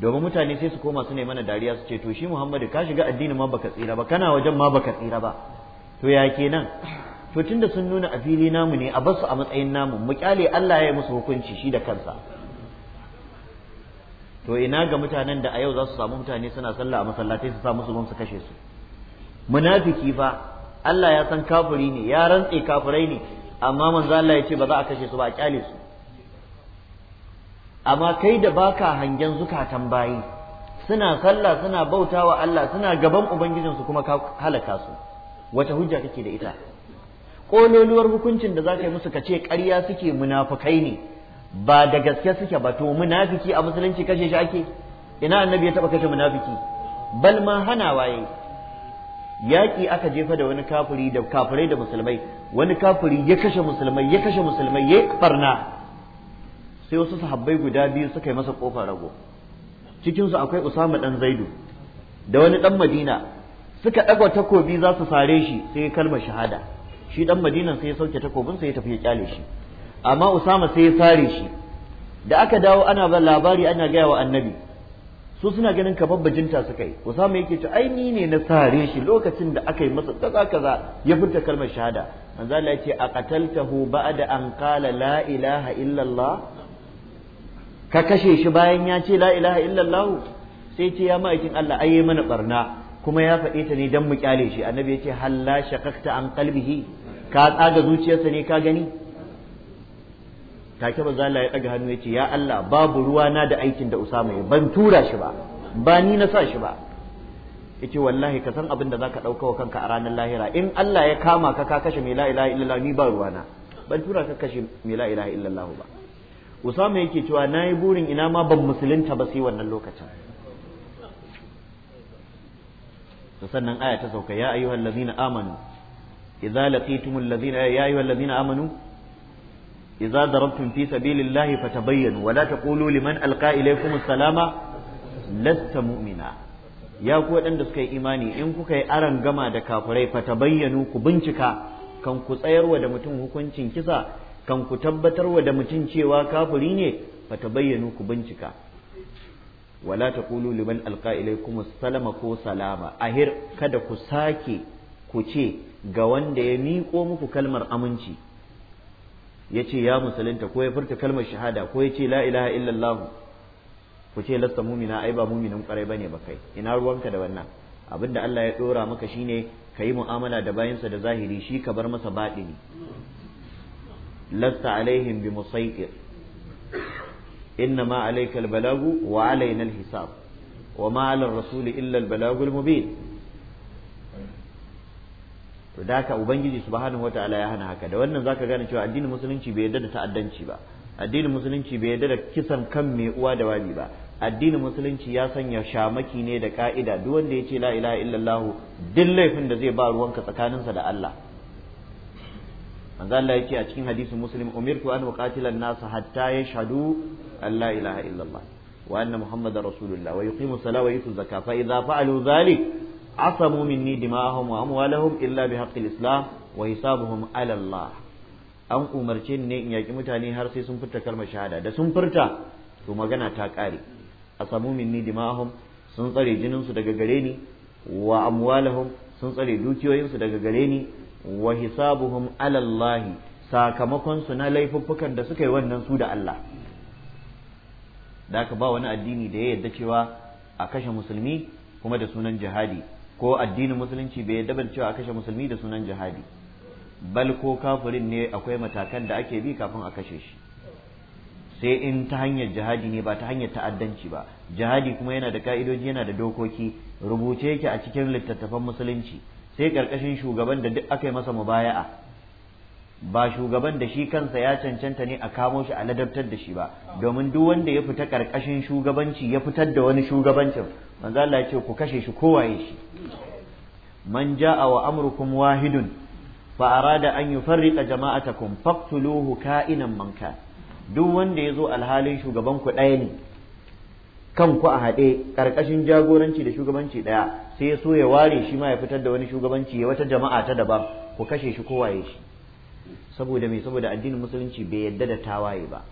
domin mutane sai su koma su ne mana dariya su ce to shi muhammadu ka shiga addini ma baka tsira ba kana wajen ma baka tsira ba to ya kenan to da sun nuna a fili namu ne a basu a matsayin namu mu kyale Allah ya yi musu hukunci shi da kansa to ina ga mutanen da a yau za su samu mutane suna sallah a masallatai su sa musu su kashe su munafiki fa Allah ya san kafiri ne ya rantse kafirai ne amma manzo Allah ya ce ba za a kashe su ba a kyale su amma kai da baka hangen zukatan bayi suna sallah suna bautawa Allah suna gaban ubangijinsu kuma halaka su wata hujja kake da ita kololuwar hukuncin da za ka yi musu ka ce ƙarya suke munafukai ne ba da gaske suke ba to munafiki a musulunci kashe shi ake ina annabi ya taɓa kashe munafiki bal ma hana waye yaƙi aka jefa da wani kafiri da kafirai da musulmai wani kafiri ya kashe musulmai ya kashe musulmai ya barna sai wasu sahabbai guda biyu suka yi masa kofar rago cikinsu akwai usama dan zaidu da wani dan madina suka ɗaga takobi za su sare shi sai kalmar shahada shi dan madinan sai ya sauke takobin sai ya tafi ya kyale shi amma usama sai ya sare shi da aka dawo ana ba labari ana gaya wa annabi su suna ganin ka babba bajinta suka yi usama yake ta, ai ni ne na sare shi lokacin da aka yi masa kaza kaza ya furta kalmar shahada manzo Allah ya ce a qataltahu ba'da an qala la ilaha illallah ka kashe shi bayan ya ce la ilaha illallah sai ce ya ma'aikin Allah ai mana barna kuma ya faɗe ta ne don mu kyale shi annabi ya ce halla shakakta an kalbihi ka tsaga zuciyarsa ne ka gani take ba zala ya ɗaga hannu ya ce ya Allah babu ruwa na da aikin da Usama ya ban tura shi ba ba ni na sa shi ba ce wallahi ka san abin da ka ɗauka wa kanka a ranar lahira in Allah ya kama ka ka kashe mai la ilaha illallah ni ba ruwa na ban tura ka kashe mai la ilaha illallah ba Usama yake cewa na yi burin ina ma ban musulunta ba sai wannan lokacin to sannan aya ta sauka ya ayyuhal ladina amanu idza laqitumul ladina ya ayyuhal ladina amanu idza darabtum fi sabilillahi fatabayyanu wa taqulu liman alqa ilaykum salama lasta mu'mina ya ku waɗanda suka yi imani in kuka yi aron gama da kafirai fa bayyanu ku bincika kan ku tsayarwa da mutum hukuncin kisa kan ku tabbatarwa da mutum cewa kafuri ne fa ku bincika wala taqulu liman alqa kuma salama ko salama ahir kada ku sake ku ce ga wanda ya miƙo muku kalmar aminci ya ce ya musulunta ko ya furta kalmar shahada ko ya ce la ilaha illallah ku ce lasta mumina ai ba muminin kwarai bane ba kai ina ruwanka da wannan abinda Allah ya dora maka shine ka yi mu'amala da bayansa da zahiri shi ka bar masa ne lasta alaihim bi musaitir innama alaikal balagu wa alaina alhisab wa ma ala rasul illa albalagul mubin to da haka ubangiji subhanahu wataala ya hana haka da wannan zaka gane cewa addinin musulunci bai yarda da ta'addanci ba addinin musulunci bai yarda da kisan kan mai uwa da wabi ba addinin musulunci ya sanya shamaki ne da ka'ida duk wanda ya ce la ilaha illallahu. duk laifin da zai ba ruwanka tsakaninsa da Allah manzo Allah yake a cikin hadisin muslim umirtu an uqatila an-nas hatta yashhadu أن لا إله إلا wa وأن محمد رسول الله ويقيم الصلاة ويؤتوا الزكاة فإذا فعلوا ذلك عصموا مني دماءهم وأموالهم إلا بحق الإسلام وحسابهم على الله an umarce ni ne in yaƙi mutane har sai sun furta kalmar shahada da sun furta to magana ta ƙare a samu minni dima'ahum sun tsare jininsu daga gare ni wa amwalahum sun tsare dukiyoyinsu daga gare ni wa hisabuhum alallahi sakamakon su na laifuffukan da suka yi wannan su da Allah da aka ba wani addini da ya yadda cewa a kashe musulmi kuma da sunan jihadi ko addinin musulunci bai yadda cewa a kashe musulmi da sunan jihadi bal ko kafirin ne akwai matakan da ake bi kafin a kashe shi sai in ta hanyar jihadi ne ba ta hanyar ta'addanci ba jihadi kuma yana da ka'idoji yana da dokoki rubuce yake a cikin littattafan musulunci sai karkashin shugaban da duk aka yi masa mubaya'a ba shugaban da shi kansa ya cancanta ne a kamo shi a ladabtar da shi ba domin duk wanda ya fita karkashin shugabanci ya fitar da wani shugabancin manzo Allah ya ce ku kashe shi kowaye shi man jaa wa amrukum wahidun fa arada an yufarriqa jama'atakum faqtuluhu ka'inan manka duk wanda yazo alhalin shugaban ku ɗaya ne kan ku a haɗe karkashin jagoranci da shugabanci ɗaya sai ya so ya ware shi ma ya fitar da wani shugabanci ya wata jama'a ta daban ku kashe shi kowaye shi saboda me saboda addinin musulunci bai yadda da tawaye ba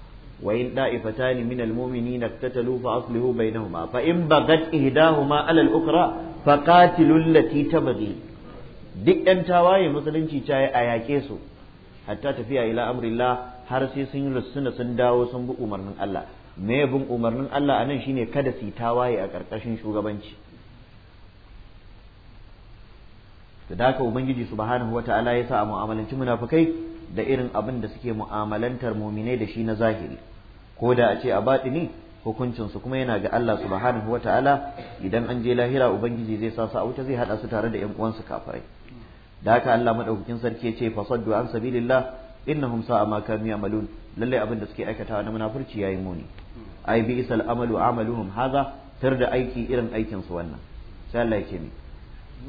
wa in da'ifatani min almu'minin iktatalu fa aslihu bainahuma fa in bagat ihdahuma ala al-ukra fa qatilul lati tabghi duk ɗan tawaye musulunci ta yi a yaƙe su hatta tafiya ila amrillah har sai sun yi lussuna sun dawo sun bi umarnin Allah me bin umarnin Allah anan shine kada su tawaye a ƙarƙashin shugabanci da haka ubangiji subhanahu wataala ya sa mu'amalanci munafikai da irin abin da suke mu'amalantar mumine da shi na zahiri ko da a ce a batini hukuncin su kuma yana ga Allah subhanahu wa ta'ala idan an je lahira ubangiji zai sa su a wuta zai hada su tare da ƴan uwansu kafirai da haka Allah madaukakin sarki ya ce saddu an sabilillah innahum sa'a ma kanu ya'malun lalle abin da suke aikatawa na munafurci yayi muni ai bi isal amalu amaluhum hadha tar da aiki irin aikin su wannan sai Allah yake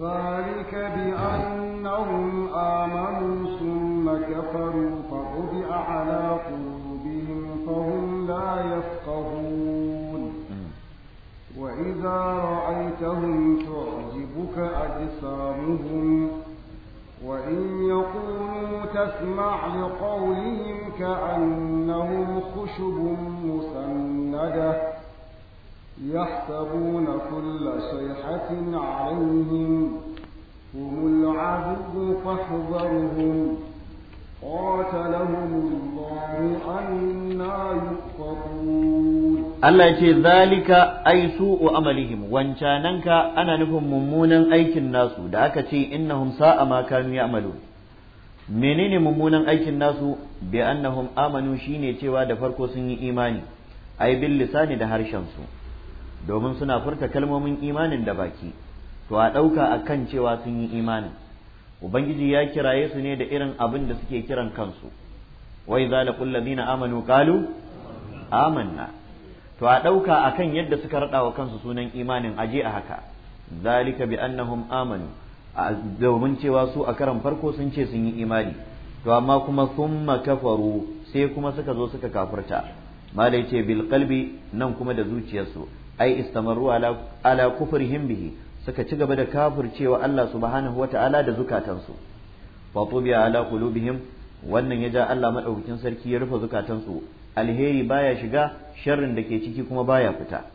ذلك بأنهم آمنوا ثم كفروا فطبع على قلوبهم فهم لا يفقهون وإذا رأيتهم تعجبك أجسامهم وإن يقولوا تسمع لقولهم كأنهم خشب مسندة يحسبون كل صيحة عليهم هم العدو فاحذرهم قاتلهم الله أنا يؤفكون الله يقول ذلك أي سوء أملهم وانشاننك أنا نفهم ممونا أيك الناس دعك إنهم ساء ما كانوا يعملون menene mummunan aikin nasu bi annahum amanu shine cewa da farko sun yi imani ay bil lisani da harshen su domin suna furta kalmomin imanin da baki to a ɗauka a kan cewa sun yi imanin ubangiji ya kiraye su ne da irin abin da suke kiran kansu wai za laqul ladina amanu qalu amanna to a ɗauka a kan yadda suka raɗa wa kansu sunan imanin aje a haka zalika bi annahum amanu domin cewa su a karan farko sun ce sun yi imani to amma kuma sun kafaru sai kuma suka zo suka kafirta malai ce bil kalbi nan kuma da zuciyarsu ai istamaru ala ala kufrihim bihi suka ci gaba da kafircewa Allah subhanahu wata'ala da zukatansu fa tubiya ala qulubihim wannan ya ja Allah madaukakin sarki ya rufe zukatansu alheri baya shiga sharrin da ke ciki kuma baya fita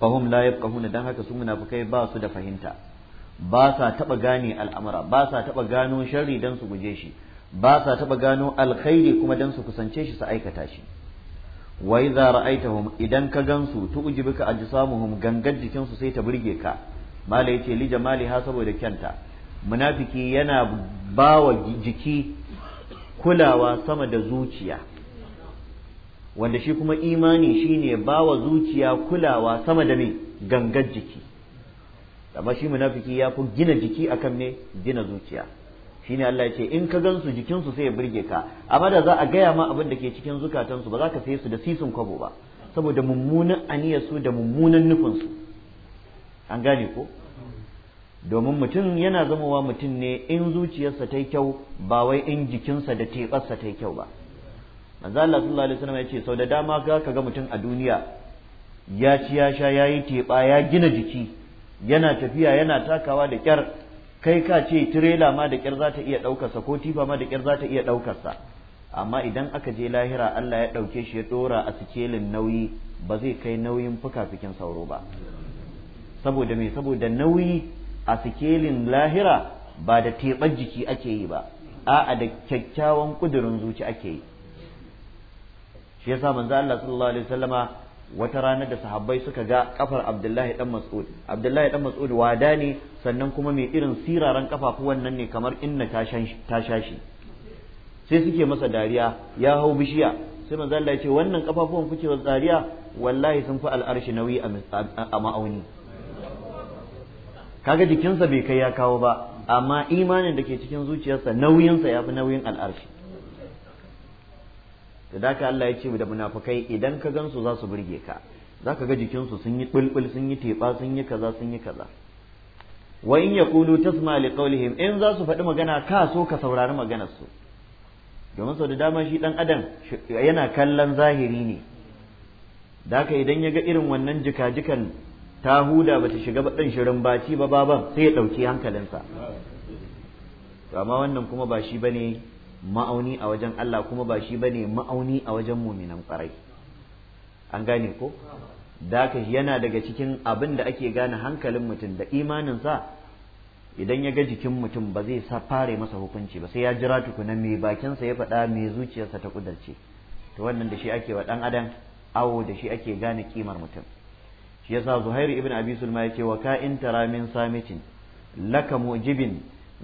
fahum la yafqahuna dan haka su munafikai ba su da fahimta ba sa taba gane al'amura ba sa taba gano sharri dan su guje shi ba sa taba gano alkhairi kuma dan su kusance shi su aikata shi wa idza ra'aitahum idan ka gansu tu'jibuka ajsamuhum gangar jikin su sai ta burge ka mala yace li ha saboda kyanta munafiki yana bawa jiki kulawa sama da zuciya wanda shi kuma imani shine bawa zuciya kulawa sama da me gangar jiki amma shi munafiki ya fi gina jiki akan ne gina zuciya Shi shine Allah ya ce in ka gansu jikinsu sai ya birge ka amma da za a gaya ma abin da ke cikin zukatansu ba za ka sai su da sisin kwabo ba saboda mummunan aniyarsu da mummunan nufinsu an gane ko domin mutum yana zamowa mutum ne in zuciyarsa ta kyau ba wai in jikinsa da teɓarsa ta kyau ba manzo Allah sallallahu alaihi wasallam ya ce sau da dama ga ka ga mutum a duniya ya ci ya sha ya yi teɓa ya gina jiki yana tafiya yana takawa da kyar kai ka ce tirela ma da kyar za ta iya ɗaukarsa ko tifa ma da kyar za ta iya ɗaukarsa amma idan aka je lahira Allah ya ɗauke shi ya ɗora a sikelin nauyi ba zai kai nauyin fuka-fikin sauro ba saboda me saboda nauyi a sikelin lahira ba da teɓar jiki ake yi ba a'a da kyakkyawan ƙudurin zuci ake yi shi yasa manzo Allah sallallahu wata ranar da sahabbai suka ga kafar abdullahi dan mas'ud abdullahi dan mas'ud wada ne sannan kuma mai irin siraran kafafu wannan ne kamar inna ta shashi sai suke masa dariya ya hau bishiya sai manzo Allah ya ce wannan kafafuwan kuke wa dariya wallahi sun fi al'arshi nauyi a ma'auni kaga jikinsa bai kai ya kawo ba amma imanin da ke cikin zuciyarsa nauyinsa ya fi nauyin al'arshi da daka Allah ya ce da munafukai idan ka gansu za su burge ka za ka ga jikinsu sun yi ɓulɓul sun yi teɓa sun yi kaza sun yi kaza wa in yaqulu tasma li qawlihim in za su faɗi magana ka so ka saurari maganarsu. su domin sau da dama shi ɗan adam yana kallon zahiri ne daka idan ya ga irin wannan jika-jikan ta huda bata shiga baɗin shirin baci ba baban sai ya ɗauki hankalinsa amma wannan kuma ba shi ba ne. ma'auni a wajen Allah kuma ba shi bane ma'auni a wajen muminan kwarai an gane ko da yana daga cikin abin da ake gane hankalin mutum da imaninsa idan ya ga jikin mutum ba zai fare masa hukunci ba sai ya jira tukuna mai bakinsa ya faɗa mai zuciyarsa ta kudarce to wannan da shi ake wa ɗan adam awo da shi ake gane kimar mutum shi yasa zuhairu ibn abi sulma yace wa ka in tara min samitin laka mujibin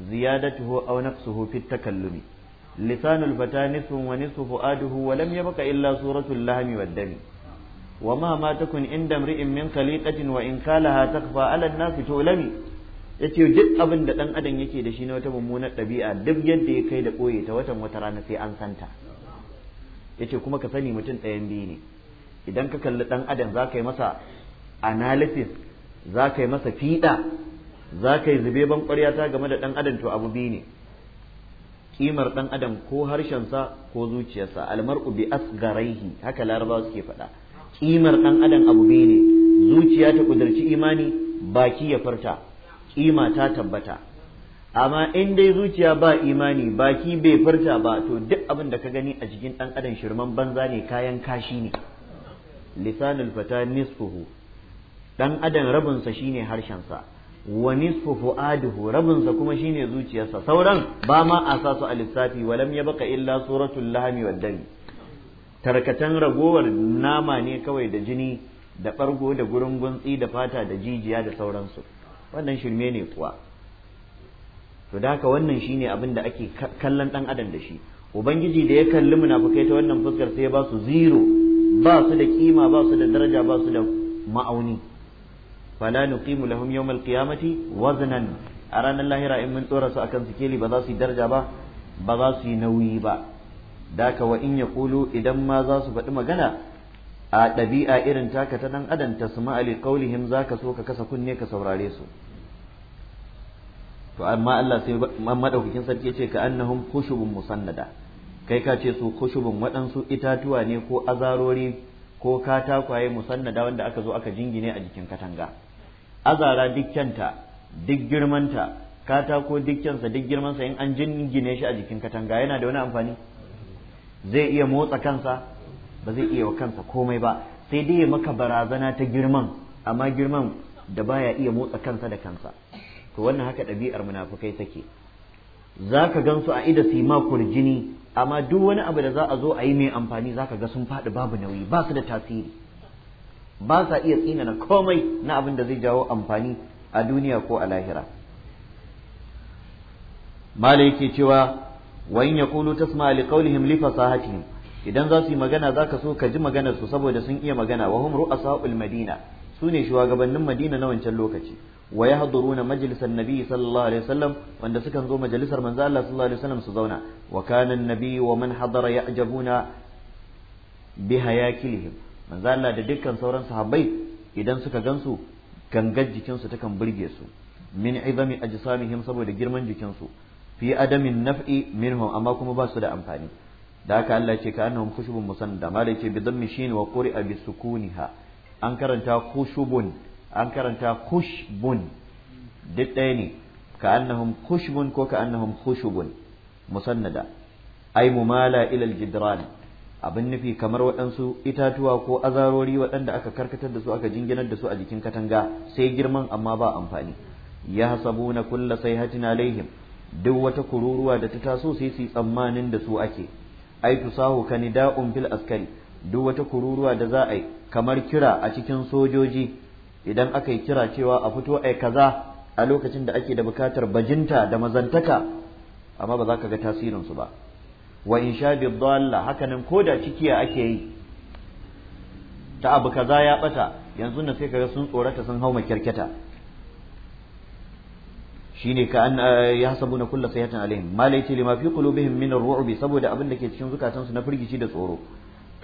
ziyadatuhu aw naqsuhu fit takallumi lisanul fata nisfun wa nisfu fu'aduhu wa lam yabqa illa suratul lahani wad dami wa ma ma takun inda mri'in min khaliqatin wa in kalaha takfa 'ala an-nasi yace duk abin da dan adam yake da shi na wata mummunar ɗabi'a duk yadda ya kai da koye ta watan wata rana sai an santa yace kuma ka sani mutum ɗayan biyu ne idan ka kalli ɗan adam za ka yi masa analysis za ka yi masa fiɗa za ka yi zube ban ƙwarya ta game da ɗan adam to abu biyu ne kimar dan adam ko harshensa ko zuciyarsa almar'u bi asgaraihi haka larabawa suke faɗa kimar dan adam abu be ne zuciya ta kudirci imani baki ya furta kima ta tabbata amma in dai zuciya ba imani baki bai furta ba to duk abin da ka gani a jikin dan adam shirman banza ne kayan kashi ne lisanul fata nisfuhu dan adam rabinsa shine harshensa wa nisfu fu'aduhu rabun sa kuma shine zuciyarsa sauran ba ma a sa su a lissafi walam ya baka illa suratul lahmi wad dami tarkatan ragowar nama ne kawai da jini da bargo da gurin guntsi da fata da jijiya da sauransu wannan shirme ne kuwa to da haka wannan shine abin da ake kallon dan adam da shi ubangiji da ya kalli munafukai ta wannan fuskar sai ya ba su zero ba su da kima ba su da daraja ba su da ma'auni fala nuqimu lahum yawmal qiyamati waznan a ranar lahira in mun tsora su akan sikeli ba za su yi daraja ba ba za su yi nauyi ba daka wa in yaqulu idan ma za su faɗi magana a ɗabi'a irin taka ta dan adam ta suma ali qaulihim zaka so ka kasa kunne ka saurare su to amma Allah sai madaukakin sarki ce ka annahum khushubun musannada kai ka ce su khushubun waɗansu itatuwa ne ko azarori ko katakwaye musannada wanda aka zo aka jingine a jikin katanga azara duk kyanta duk girmanta katako duk kyansa duk girmansa in an jingine shi a jikin katanga yana da wani amfani zai iya motsa kansa ba zai iya wa kansa komai ba sai dai ya maka barazana ta girman amma girman da baya iya motsa kansa da kansa to wannan haka ɗabi'ar munafukai take za ka gan su a ida su yi jini amma duk wani abu da za a zo a yi mai amfani za ka ga sun faɗi babu nauyi ba su da tasiri ba sa iya tsinana komai na abin da zai jawo amfani a duniya ko a lahira mala yake cewa wa in yaqulu tasma li qawlihim li fasahatihim idan za su yi magana za ka so ka ji maganarsu su saboda sun iya magana wa hum ru'asaul madina su ne shugabannin madina na wancan lokaci wa yahduruna majlisan nabi sallallahu alaihi wasallam wanda sukan zo majalisar manzo Allah sallallahu alaihi wasallam su zauna wa kana an-nabi wa man hadara ya'jabuna bi manzo Allah da dukkan sauran sahabbai idan suka gansu gangar jikinsu takan burge su min izami ajsamihim saboda girman jikinsu fi adamin naf'i minhum amma kuma ba su da amfani da haka Allah ce ka annahum khushubun musannada ma da yake bi dhammi shin wa quri'a bi sukuniha an karanta khushubun an karanta khushbun duk ɗaya ne ka annahum khushbun ko ka annahum khushubun musannada ay mumala ila al-jidran abin nufi kamar waɗansu itatuwa ko azarori waɗanda aka karkatar da su aka jinginar da su a jikin katanga sai girman amma ba amfani ya na kulla sai na laihim. duk wata kururuwa da ta taso sai su tsammanin da su ake ai tu sahu ni da'un fil askari duk wata kururuwa da za a yi kamar kira a cikin sojoji idan aka yi kira cewa a fito ai kaza a lokacin da ake da bukatar bajinta da mazantaka amma ba za ka ga tasirinsu ba wa in sha bidalla hakanan koda cikiya ake yi ta abu kaza ya bata yanzu na sai kaga sun tsorata sun hau makyarketa shine ka an na kullu sayatan alaihim ma ce lima fi qulubihim min ar-ru'bi saboda abin da ke cikin su na firgici da tsoro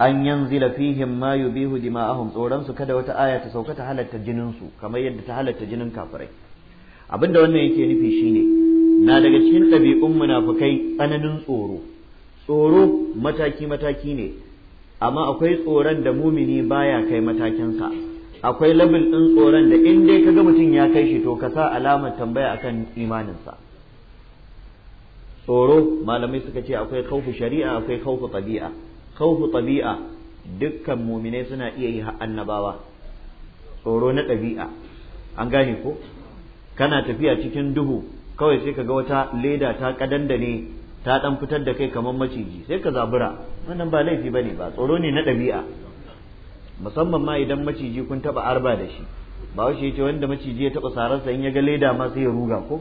an yanzila fihim ma yubihu dima'ahum tsoron su kada wata aya ta sauka ta halatta jinin su kamar yadda ta halatta jinin kafirai abinda wannan yake nufi shine na daga cikin ɗabi'un munafukai tsananin tsoro tsoro mataki mataki ne amma akwai tsoron da mumini baya kai matakinsa akwai labin ɗin tsoron da in dai kaga mutum ya kai shi to ka sa alamar tambaya akan imaninsa tsoro malamai suka ce akwai khaufu shari'a akwai khaufu tabi'a khaufu tabi'a dukkan muminai suna iya yi annabawa tsoro na ɗabi'a an gane ko kana tafiya cikin duhu kawai sai ka ga wata leda ta kadandane ta dan fitar da kai kamar maciji sai ka zabura wannan ba laifi bane ba tsoro ne na dabi'a musamman ma idan maciji kun taba arba da shi ba ya yace wanda maciji ya taba sararsa in ya ga leda ma sai ya ruga ko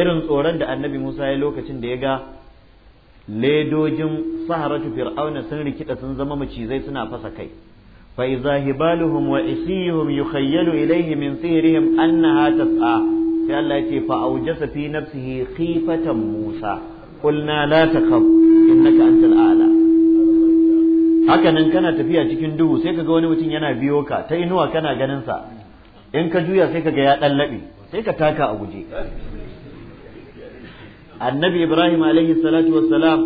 irin tsoron da annabi Musa ya lokacin da ya ga ledojin saharatu fir'auna sun rikida sun zama macizai suna fasa kai fa iza hibaluhum wa isihum yukhayyalu ilayhi min sihrihim annaha tas'a sai Allah ya ce fa aujasa fi nafsihi khifatan Musa قلنا لا تخف انك انت الاعلى haka nan kana tafiya cikin duhu sai kaga wani mutum yana biyo ka ta inuwa kana ganin sa in ka juya sai kaga ya dan labe sai ka taka a guje annabi ibrahim alaihi salatu wassalam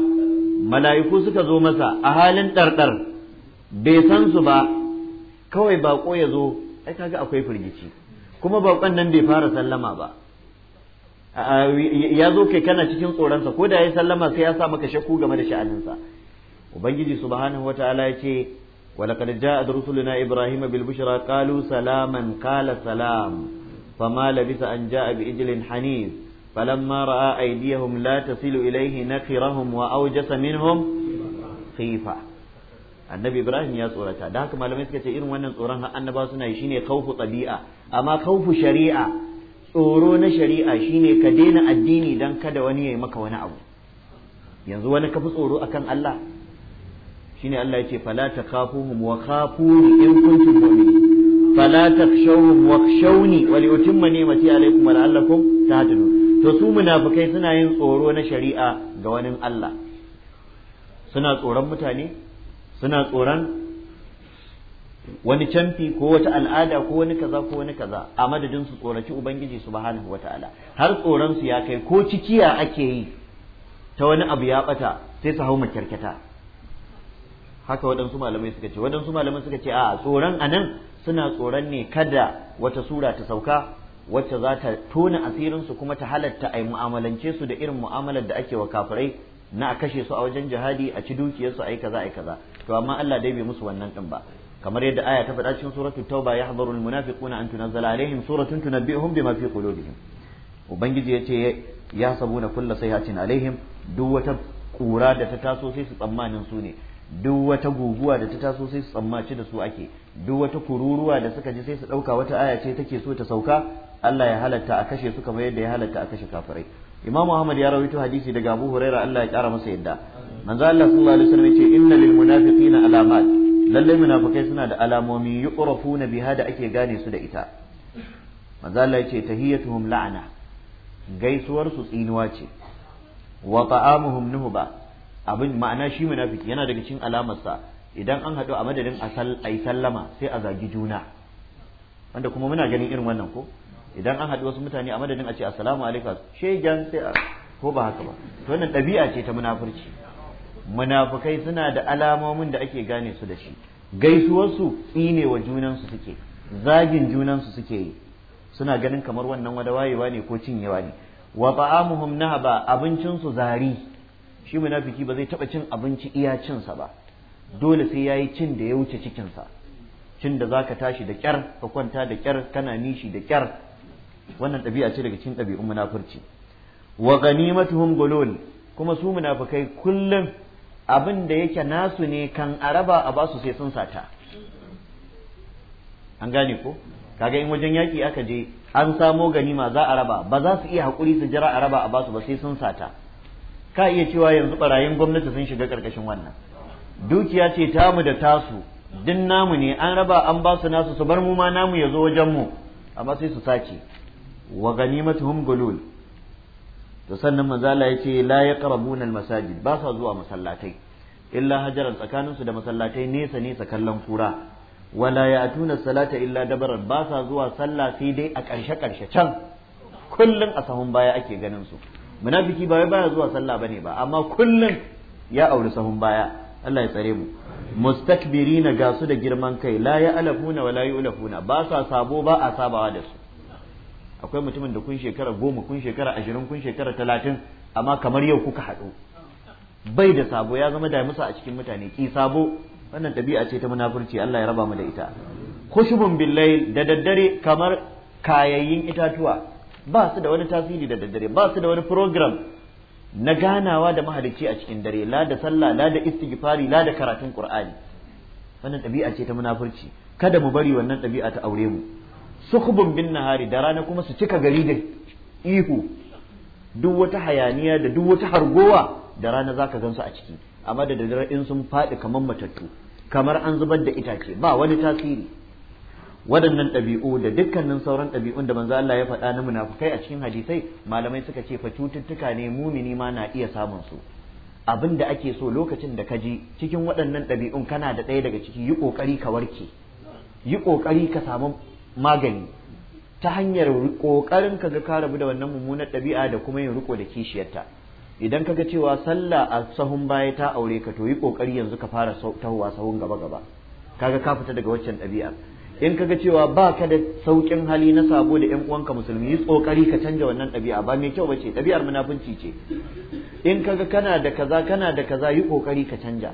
mala'iku suka zo masa a halin ɗarɗar bai san su ba kawai baƙo ya zo ai kaga akwai firgici kuma baƙon nan bai fara sallama ba ya zo kai na cikin tsoronsa ko da sallama sai ya sa maka shakku game da sha'aninsa ubangiji subhanahu wa ta'ala ya ce walaqad ja'a rusuluna ibrahima bil bushra qalu salaman qala salam fama labisa an ja'a bi ijlin hanif falamma ra'a aydiyahum la tasilu ilayhi nakirahum wa awjasa minhum khifa annabi ibrahim ya tsorata da haka malamai suka ce irin wannan tsoron annabawa suna yi shine khawfu tabi'a amma khawfu shari'a tsoro na shari'a shine ka daina addini don kada wani ya yi maka wani abu yanzu wani kafi tsoro akan Allah shine Allah ya ce fala mu wa ni in kuntum mu'minin fala takshawhum wa khshawni wa liutimma ni'mati alaykum wa la'allakum tahtadun to su munafikai suna yin tsoro na shari'a ga wani Allah suna tsoron mutane suna tsoron wani canfi ko wata al'ada ko wani kaza ko wani kaza a madadin su tsoraci ubangiji subhanahu wataala har tsoron su ya kai ko cikiya ake yi ta wani abu ya bata sai su hau makyarkata haka waɗansu malamai suka ce waɗansu malamai suka ce a tsoron anan suna tsoron ne kada wata sura ta sauka wacce za ta tona asirin su kuma ta halatta a mu'amalance su da irin mu'amalar da ake wa kafirai na kashe su a wajen jihadi a ci dukiyarsu a yi kaza a yi kaza to amma Allah dai bai musu wannan din ba kamar yadda aya ta faɗa cikin suratul tauba ya hadaru almunafiquna an tunazzala alaihim suratun tunabbi'uhum bima fi qulubihim ubangiji yace ya sabuna kullu sayhatin alaihim duk wata kura da ta taso sai su tsammanin su ne duk wata guguwa da ta taso sai su tsammaci da su ake duk wata kururuwa da suka ji sai su ɗauka wata aya ce take so ta sauka Allah ya halatta a kashe su kamar yadda ya halatta a kashe kafirai Imam Ahmad ya rawaito hadisi daga Abu Huraira Allah ya kara masa yadda manzo Allah sallallahu alaihi wasallam yace inna lil munafiqina alamat lalle munafikai suna da alamomi na biha da ake gane su da ita manzo Allah yace tahiyatuhum la'ana gaisuwar su tsinuwa ce wa ta'amuhum nuhba abin ma'ana shi munafiki yana daga cikin alamarsa idan an haɗu a madadin asal ay sallama sai a zagi juna wanda kuma muna ganin irin wannan ko idan an haɗu wasu mutane a madadin a ce assalamu alaikum shegen sai a ko ba haka ba to wannan ɗabi'a ce ta munafurci munafukai suna da alamomin da ake gane su da shi gaisuwarsu tsine wa junansu suke zagin junansu suke yi suna ganin kamar wannan wada wayewa ne ko cinyewa ne wa ta'amuhum nahaba abincinsu zari shi munafiki ba zai taba cin abinci iya cinsa ba dole sai yayi cin da ya wuce cikinsa cin da zaka tashi da kyar ka kwanta da kyar kana nishi da kyar wannan ɗabi'a ce daga cikin ɗabi'un munafurci wa ganimatuhum gulul kuma su munafikai kullum abin da yake nasu ne kan araba a basu sai sun sata an gane ko kaga in wajen yaki aka je an samo gani ma za a raba ba za su iya haƙuri su jira a raba a basu ba sai sun sata ka iya cewa yanzu barayin gwamnati sun shiga ƙarƙashin wannan dukiya ce tamu da tasu din namu ne an raba an basu nasu su bar mu ma namu ya zo wajen mu amma sai su sace wa ganimatuhum gulul to sannan manzala ya ce la yaqrabuna almasajid ba sa zuwa masallatai illa hajaran tsakaninsu da masallatai nesa nesa kallon kura wala ya'tuna salata illa dabarar ba sa zuwa sallah sai dai a ƙarshe ƙarshe can kullum a sahun baya ake ganin su munafiki ba wai baya zuwa sallah bane ba amma kullum ya auri sahun baya Allah ya tsare mu mustakbirina na gasu da girman kai la ya alafuna wala yulafuna ba sa sabo ba a sabawa da su akwai mutumin da kun shekara goma kun shekara ashirin kun shekara talatin amma kamar yau kuka haɗu bai da sabo ya zama damisa a cikin mutane ki sabo wannan ɗabi'a ce ta munafurci Allah ya raba mu da ita khushubun billahi da daddare kamar kayayyin itatuwa ba su da wani tasiri da daddare ba su da wani program na ganawa da mahalicci a cikin dare la da sallah la da istighfari la da karatun qur'ani wannan ɗabi'a ce ta munafurci kada mu bari wannan ɗabi'a ta aure mu sukhbun bin nahari da rana kuma su cika gari da ihu duk wata hayaniya da duk wata hargowa da rana zaka gansu a ciki amma da daddare in sun faɗi kamar matattu kamar an zubar da itace ba wani tasiri waɗannan ɗabi'u da dukkanin sauran ɗabi'un da manzo Allah ya faɗa na munafukai a cikin hadisai malamai suka ce fa cututtuka ne mumini ma na iya samun su abin da ake so lokacin da ka ji cikin waɗannan ɗabi'un kana da ɗaya daga ciki yi ƙoƙari ka warke yi ƙoƙari ka samu magani ta hanyar ƙoƙarin ka ga ka rabu da wannan mummunar ɗabi'a da kuma yin riko da kishiyarta idan ka ga cewa sallah a sahun baya ta aure ka to yi ƙoƙari yanzu ka fara tahowa sahun gaba gaba kaga ka fita daga waccan ɗabi'ar in kaga cewa ba ka da sauƙin hali na sabo da ƴan uwanka musulmi yi ƙoƙari ka canja wannan ɗabi'a ba mai kyau ba ce ɗabi'ar munafunci ce in kaga kana da kaza kana da kaza yi ƙoƙari ka canja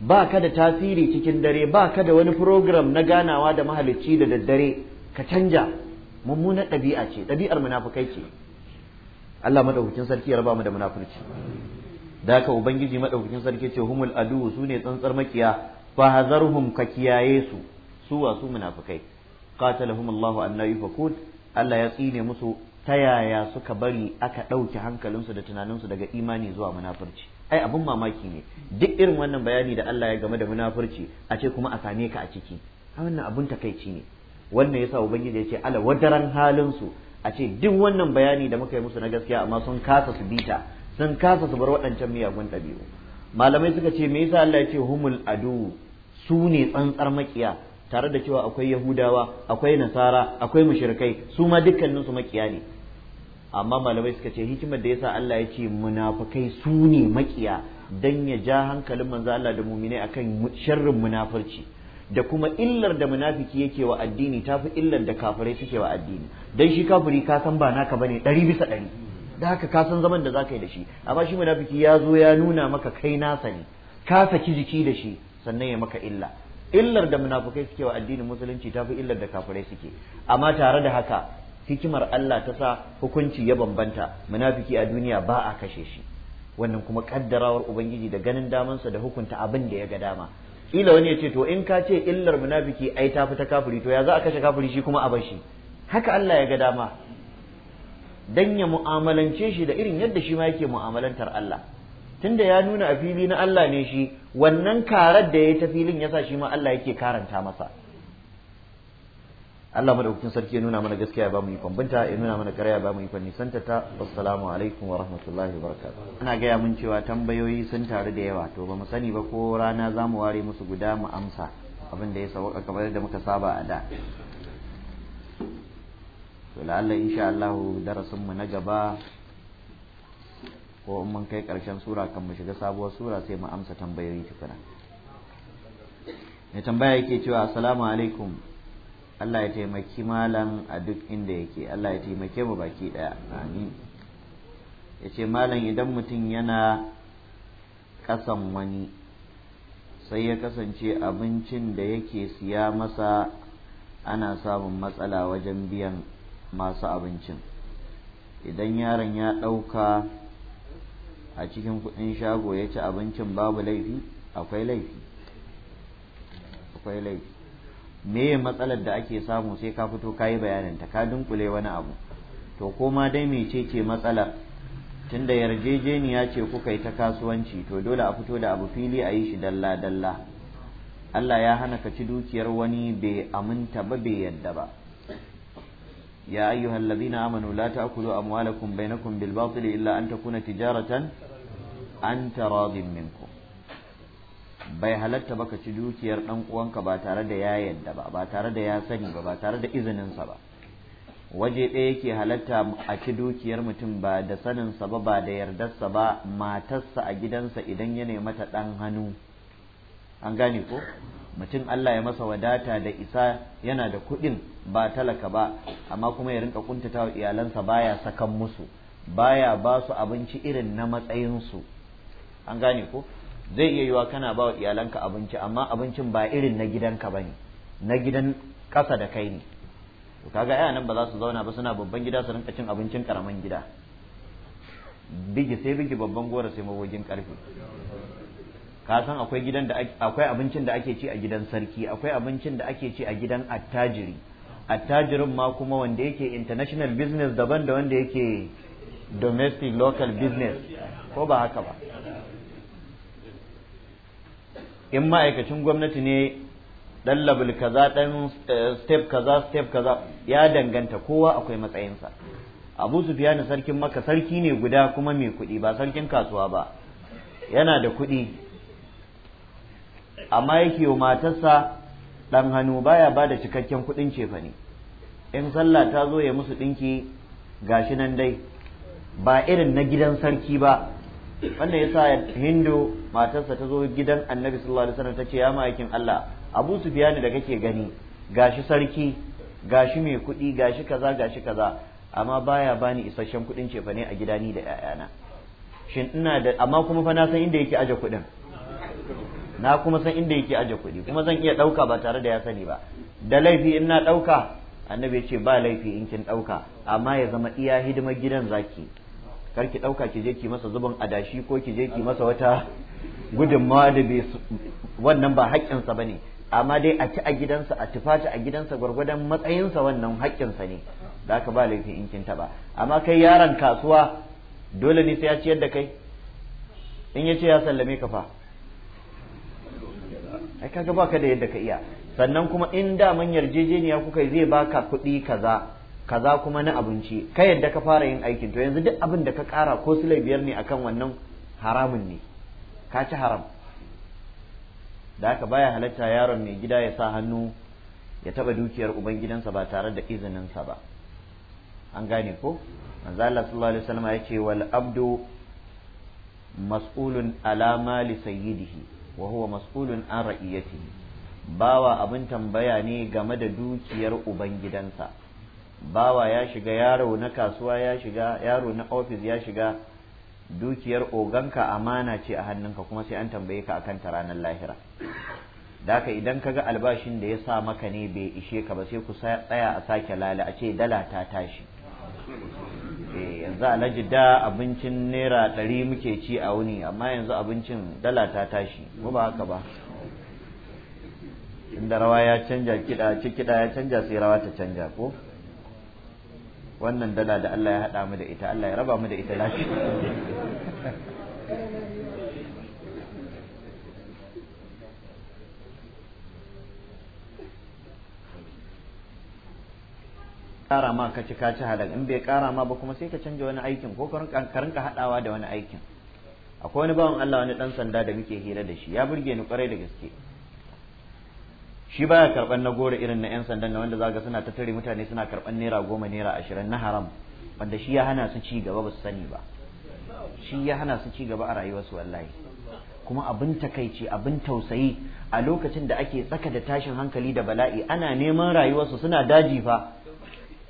ba ka da tasiri cikin dare ba ka da wani program na ganawa da mahalicci da daddare ka canja mummunar ɗabi'a ce ɗabi'ar munafukai ce Allah madaukakin sarki ya raba mu da munafurci da haka ubangiji madaukakin sarki ce humul adu su ne tsantsar makiya fa hazarhum ka kiyaye su su wa su munafukai qatalahum Allahu anna yufakun Allah ya tsine musu ta yaya suka bari aka ɗauke hankalinsu da tunaninsu daga imani zuwa munafurci ai abin mamaki ne duk irin wannan bayani da Allah ya game da munafurci a ce kuma a same ka a ciki a wannan abun takaici ne wannan yasa ubangiji ya ce ala wadaran halin su a ce duk wannan bayani da muka yi musu na gaskiya amma sun kasa su bita sun kasa su bar waɗancan miyagun ɗabi'u malamai suka ce me yasa Allah ya ce humul adu su ne tsantsar makiya tare da cewa akwai yahudawa akwai nasara akwai mushrikai su ma dukkaninsu makiya ne amma malamai suka ce hikimar da yasa Allah ya ce munafikai su ne makiya dan ya ja hankalin manzo Allah da muminai akan sharrin munafurci da kuma illar da munafiki yake wa addini tafi illar da kafirai suke wa addini dan shi kafiri ka san ba naka bane ɗari bisa ɗari da haka ka san zaman da za ka yi da shi amma shi munafiki ya zo ya nuna maka kai nasa ne ka saki jiki da shi sannan ya maka illa illar da munafukai suke wa addinin musulunci ta fi illar da kafirai suke amma tare da haka hikimar Allah ta sa hukunci ya bambanta munafiki a duniya ba a kashe shi wannan kuma kaddarawar ubangiji da ganin damansa da hukunta abin da ya ga dama kila wani ya ce to in ka ce illar munafiki ai ta fi ta kafiri to ya za a kashe kafiri shi kuma a bar shi haka Allah ya ga dama dan ya mu'amalance shi da irin yadda shi ma yake mu'amalantar Allah tunda ya nuna a fili na Allah ne shi wannan karar da ya ta filin yasa shi ma Allah yake karanta masa Allah madaukakin sarki ya nuna mana gaskiya ba mu yi kwambanta ya nuna mana karya ba mu yi nisanta ta assalamu alaikum wa rahmatullahi wa Ina gaya mun cewa tambayoyi sun taru da yawa to ba mu sani ba ko rana za mu ware musu guda mu amsa abin da ya sauka kamar da muka saba a da to la'alla insha Allah darasin mu na gaba ko in mun kai karshen sura kan mu shiga sabuwar sura sai mu amsa tambayoyi tukuna ne tambaya yake cewa assalamu alaikum Allah ya taimaki malam a duk inda yake Allah ya taimake mu baki daya amin ya malam idan mutum yana kasan wani sai ya kasance abincin da yake siya masa ana samun matsala wajen biyan masu abincin idan yaron ya ɗauka a cikin kuɗin shago ya ci abincin babu laifi akwai laifi akwai laifi meye matsalar da ake samu sai ka fito ka yi bayaninta ka dunkule wani abu to koma dai mece ce matsalar tunda yarjejeniya ce kuka yi ta kasuwanci to dole a fito da abu fili a yi shi dalla dalla Allah ya hana ka ci dukiyar wani bai aminta ba bai yadda ba ya ayyuhal ladina amanu la ta'kulu amwalakum bainakum bil batili illa an takuna tijaratan an taradin minkum bai halatta ba ka ci dukiyar ɗan uwanka ba tare da ya yadda ba ba tare da ya sani ba ba tare da izininsa ba waje ɗaya yake halatta a ci dukiyar mutum ba da saninsa ba ba da yardarsa ba matarsa a gidansa idan ya nemi mata ɗan hannu an gane ko mutum Allah ya masa wadata da isa yana da kuɗin ba talaka ba amma kuma ya rinka kuntatawa iyalansa baya sakan musu baya ba su abinci irin na matsayinsu an gane ko zai iya yiwa kana ba wa iyalanka abinci amma abincin ba irin na gidanka ba ne na gidan ƙasa da kai ne to kaga ya nan ba za su zauna ba suna babban gida su rinka cin abincin karaman gida bigi sai bigi babban gora sai magogin karfe ka san akwai gidan da akwai abincin da ake ci a gidan sarki akwai abincin da ake ci a gidan attajiri attajirin ma kuma wanda yake international business daban da wanda yake domestic local business ko ba haka ba in ma'aikacin gwamnati ne dan labul kaza dan eh, step kaza step kaza ya danganta kowa akwai matsayinsa abu sufyan sarkin maka sarki ne guda kuma mai kuɗi ba sarkin kasuwa ba yana da kuɗi amma yake wa matarsa ɗan hannu baya ba da cikakken kuɗin cefane in sallah ta zo ya musu ɗinki gashi nan dai ba irin na gidan sarki ba Wanda ya sa hindu matarsa ta zo gidan annabi sallallahu alaihi wasallam ta ce ya ma'aikin Allah abu sufiyani da kake gani gashi sarki gashi mai kuɗi gashi kaza gashi kaza amma baya bani isasshen kuɗin cefa ne a gida ni da ƴaƴana shin ina da amma kuma fa na san inda yake aje kuɗin na kuma san inda yake aje kuɗi kuma zan iya ɗauka ba tare da ya sani ba da laifi in na ɗauka annabi ya ce ba laifi in kin ɗauka amma ya zama iya hidimar gidan zaki kar ki ɗauka ki je ki masa zubin adashi ko ki je ki masa wata gudunmawa da bai wannan ba haƙƙinsa ba ne amma dai a ci a gidansa a tufata a gidansa gwargwadon matsayinsa wannan haƙƙinsa ne da ka ba laifi in kin taɓa amma kai yaron kasuwa dole ne sai ya ciyar da kai in ya ce ya sallame ka fa ai kaga baka da yadda ka iya sannan kuma in da manyar yarjejeniya kuka zai baka kuɗi kaza kaza kuma na abinci ka yadda ka fara yin aikin to yanzu duk abin da ka kara ko su biyar ne akan wannan haramun ne ka ci haram da haka baya halatta yaron mai gida ya sa hannu ya taba dukiyar ubangidansa ba tare da izininsa ba an gane ko manzo Allah sallallahu alaihi wasallam ya ce wal abdu mas'ulun ala mali sayyidihi wa huwa mas'ulun an ra'iyatihi bawa abin tambaya ne game da dukiyar ubangidansa bawa ya shiga yaro na kasuwa ya shiga yaro na ofis ya shiga dukiyar oganka amana ce a hannunka kuma sai an tambaye ka akan ta ranar lahira daka idan kaga albashin da ya sa maka ne bai ishe ka ba sai ku tsaya a sake lala a ce dala ta tashi eh, yanzu alhaji da abincin naira ɗari muke ci a wuni amma yanzu abincin dala ta tashi ko ba haka ba inda rawa ya canja kiɗa ci kiɗa ya canja sai rawa ta canja ko wannan dala da Allah ya haɗa mu da ita Allah ya raba mu da ita lafiya ƙara ma ka ci ka ci halal in bai ƙara ma ba kuma sai ka canja wani aikin ko ka haɗawa da wani aikin akwai wani bawan Allah wani ɗan sanda da muke hira da shi ya burge ni kwarai da gaske shi baya karban na goro irin na 'yan sandan na wanda zaga suna ta tare mutane suna karban naira goma naira ashirin na haram wanda shi ya hana su ci gaba ba su sani ba shi ya hana su ci gaba a rayuwarsu wallahi kuma abin takaici abin tausayi a lokacin da ake tsaka da tashin hankali da bala'i ana neman rayuwarsu suna daji fa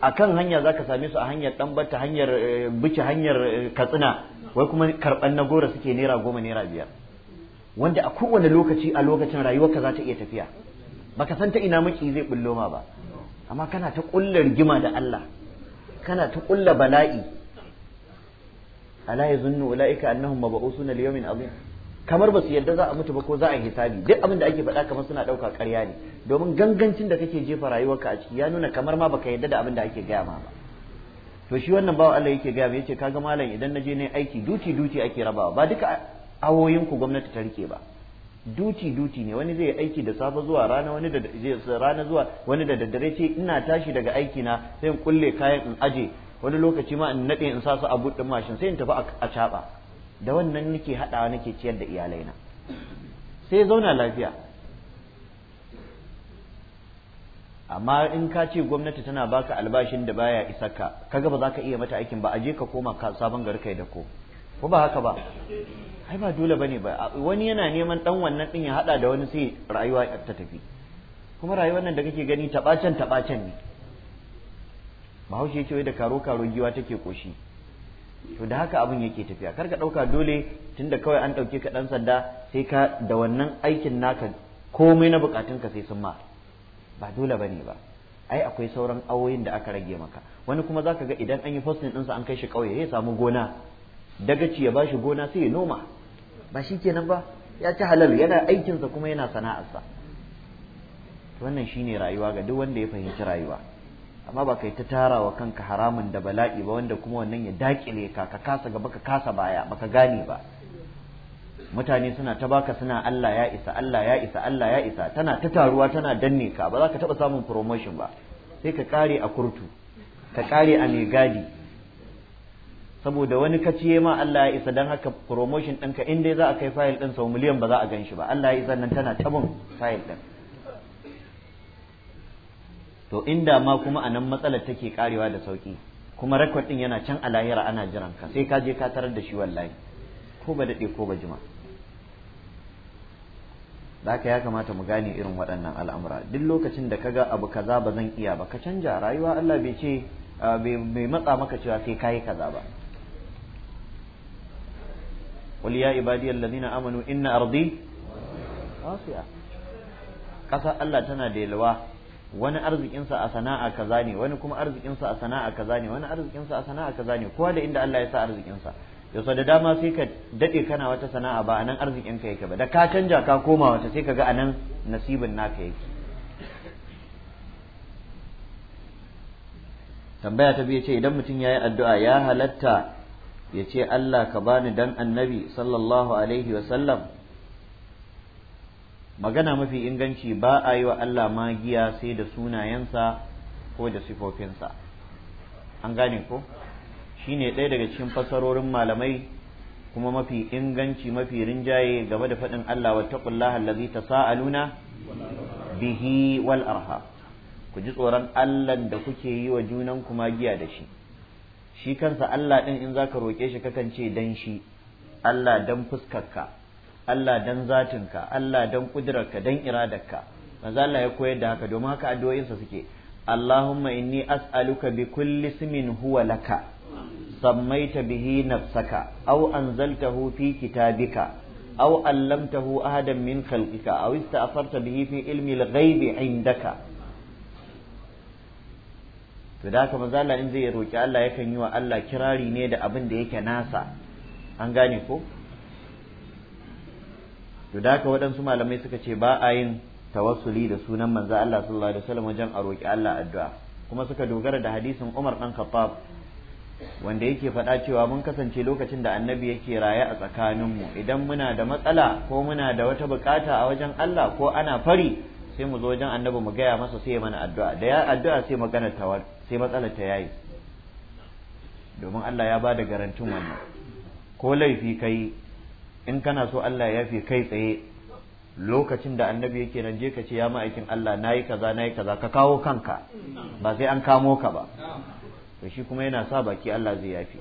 a kan hanya za same su a hanyar ɗanbata hanyar eh, bice hanyar eh, katsina wai kuma karɓar na goro suke naira goma naira biyar wanda a kowane lokaci a lokacin rayuwarka za ta iya tafiya baka san ta ina maki zai bullo ma ba amma kana ta kulla rigima da Allah kana ta kulla bala'i ala yazunnu ulaika annahum mab'usuna liyawmin azim kamar ba su yarda za a mutu ba ko za a hisabi duk abin da ake faɗa kamar suna ɗauka ƙarya ne domin gangancin da kake jefa rayuwarka a ciki ya nuna kamar ma baka yarda da abin da ake gaya ma ba to shi wannan bawa Allah yake gaya yace kaga malam idan naje ne aiki duti duti ake rabawa ba duka awoyin ku gwamnati ta rike ba duti duti ne wani zai aiki da safe zuwa rana wani da rana zuwa wani da daddare ce ina tashi daga aiki na sai in kulle kayan in aje wani lokaci ma in nade in sa su a buɗin mashin sai in tafi a caba da wannan nake haɗawa nake ciyar da iyalaina sai ya zauna lafiya amma in ka ce gwamnati tana baka albashin da baya ka kaga ba za ka iya mata aikin ba aje ka koma sabon gari da ko ko ba haka ba ai ba dole bane ba wani yana neman dan wannan din ya hada da wani sai rayuwa ta tafi kuma rayuwar nan da kake gani tabacen tabacen ne bahaushe yake da karo karo giwa take koshi to da haka abin yake tafiya kar ka dauka dole tunda kawai an dauke ka dan sanda sai ka da wannan aikin naka komai na bukatun ka sai sun ma ba dole bane ba ai akwai sauran awoyin da aka rage maka wani kuma zaka ga idan an yi fasting ɗinsa an kai shi ƙauye ya samu gona dagaci ya shi gona sai ya noma ba shi kenan ba ya ci halal yana aikinsa kuma yana sana'arsa wannan shine rayuwa ga duk wanda ya fahimci rayuwa amma ba kai ta tara wa kanka haramun da bala'i ba wanda kuma wannan ya dakile ka ka kasa gaba ka kasa baya baka gane ba mutane suna ta baka suna Allah ya isa Allah ya isa Allah ya isa tana ta taruwa tana danne ka ba za ka taba samun promotion ba sai ka kare a kurtu ka kare a mai gadi saboda wani ya ma Allah ya isa dan haka promotion ɗinka in dai za a kai fayil ɗin sau miliyan ba za a gan shi ba Allah ya isa nan tana tabin fayil ɗin to inda ma kuma a nan matsalar take karewa da sauki kuma record ɗin yana can a lahira ana jiran ka sai ka je ka tarar da shi wallahi ko ba daɗe ko ba jima haka ya kamata mu gane irin waɗannan al'amura duk lokacin da kaga abu kaza ba zan iya ba ka canja rayuwa Allah bai ce ah, bai matsa maka cewa sai kayi kaza ba qul ya ibadiyal ladina amanu inna ardi wasi'a kasa Allah tana da wani arzikinsa a sana'a kaza ne wani kuma arzikinsa a sana'a kaza ne wani arzikinsa a sana'a kaza ne kowa da inda Allah ya sa arzikinsa yau da dama sai ka dade kana wata sana'a ba anan arzikin ka yake ba da ka canja ka koma wata sai ka ga anan nasibin naka yake tambaya ta biyu ce idan mutum ya yi addu'a ya halatta ya ce Allah ka bani dan annabi sallallahu alaihi wasallam magana mafi inganci ba a yi wa Allah magiya sai da sunayensa ko da sifofinsa an gane ko shi ne ɗaya daga cikin fasarorin malamai kuma mafi inganci mafi rinjaye game da faɗin Allah wa taqullaha ta tasaaluna bihi wal arha ku ji tsoron Allah da kuke yi wa junan kuma giya da shi shi kansa Allah ɗin in zaka roƙe shi kakan ce dan shi Allah dan fuskarka Allah dan zatinka Allah dan ƙudurarka dan iradarka manzo Allah ya koyar da haka domin haka addu'o'insa suke Allahumma inni as'aluka bi kulli ismin huwa laka sammaita bihi nafsaka aw anzaltahu fi kitabika aw allamtahu ahadan min khalqika aw ista'farta bihi fi ilmi al-ghaibi indaka to da haka maza Allah in zai roki Allah yakan yi wa Allah kirari ne da abin da yake nasa an gane ko to da haka waɗansu malamai suka ce ba a yin tawassuli da sunan manzo Allah sallallahu alaihi wasallam wajen a roki Allah addu'a kuma suka dogara da hadisin Umar dan Khattab wanda yake faɗa cewa mun kasance lokacin da annabi yake raye a tsakaninmu idan muna da matsala ko muna da wata bukata a wajen Allah ko ana fari sai mu zo wajen annabi mu gaya masa sai mana addu'a da ya addu'a sai magana sai matsalar ta yayi domin Allah ya ba da garantin wannan ko laifi kai in kana so Allah ya fi kai tsaye lokacin da annabi yake nan je ka ce ya ma'aikin Allah nayi kaza nayi kaza ka kawo kanka ba sai an kamo ka ba to shi kuma yana sa baki Allah zai yafi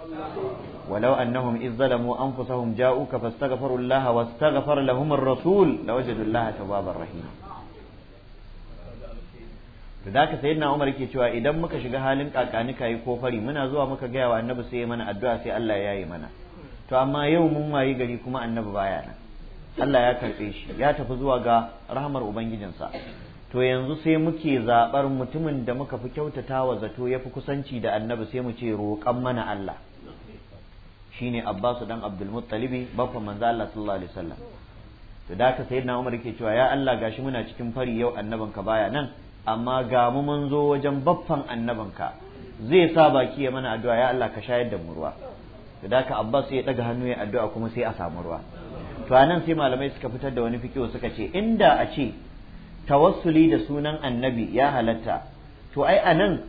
walau annahum iz zalamu anfusahum ja'uka fastaghfirullaha wastaghfar lahum ar-rasul lawajadu ta tawwabar rahim to da ka na Umar yake cewa idan muka shiga halin kakani kai ko fari muna zuwa muka gaya wa annabi sai mana addu'a sai Allah ya yi mana to amma yau mun wayi gari kuma annabi baya nan Allah ya karbe shi ya tafi zuwa ga rahmar ubangijinsa to yanzu sai muke zaɓar mutumin da muka fi kyautata wa zato yafi kusanci da annabi sai mu ce roƙan mana Allah shine Abbas dan Abdul Muttalibi baffan manzo Allah sallallahu alaihi wasallam to da ka sayyidina Umar yake cewa ya Allah gashi muna cikin fari yau annaban ka baya nan amma ga mu mun zo wajen baffan annabinka zai sa baki ya mana addu'a ya Allah ka shayar da mu ruwa da ka Abbas ya daga hannu ya addu'a kuma sai a samu ruwa to anan sai malamai suka fitar da wani fikiyo suka ce inda a ce tawassuli da sunan annabi ya halatta to ai anan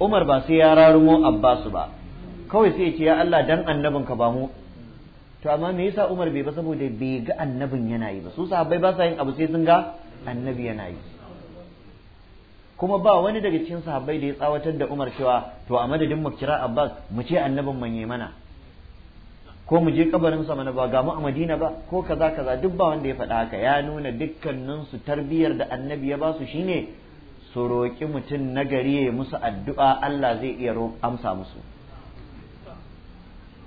Umar ba sai ya rarumo Abbas ba kawai sai ya ce ya Allah dan annabinka ba mu to amma me yasa Umar bai ba saboda bai ga annabin yana yi ba su sahabbai ba sa yin abu sai sun ga annabi yana yi kuma ba wani daga cikin sahabbai da ya tsawatar da Umar cewa to a madadin mu kira Abbas mu ce annabin manye mana ko mu je kabarin sa mana ba ga mu a Madina ba ko kaza kaza duk ba wanda ya faɗa haka ya nuna dukkanin su tarbiyar da annabi ya ba su shine su roƙi mutum na gari ya musu addu'a Allah zai iya amsa musu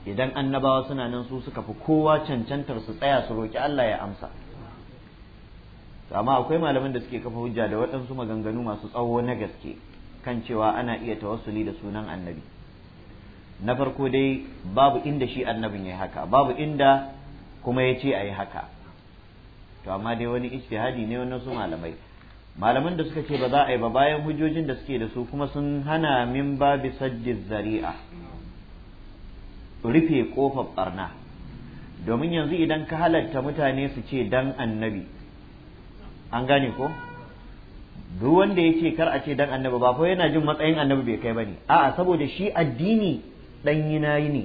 idan annabawa suna nan su suka fi kowa cancantar su tsaya su roƙi Allah ya amsa to amma akwai malaman da suke kafa hujja da waɗansu maganganu masu tsawo na gaske kan cewa ana iya tawassuli da sunan annabi na farko dai babu inda shi annabin ya haka babu inda kuma ya ce a yi haka to amma dai wani ijtihadi ne wannan su malamai malaman da suka ce ba za a yi ba bayan hujjojin da suke da su kuma sun hana min babi sajjiz zari'a rufe kofar barna domin yanzu idan ka halatta mutane su ce dan annabi an gane ko duk wanda ya ce kar a ce dan annabi ba ko yana jin matsayin annabi bai kai bane a'a saboda shi addini dan yi ne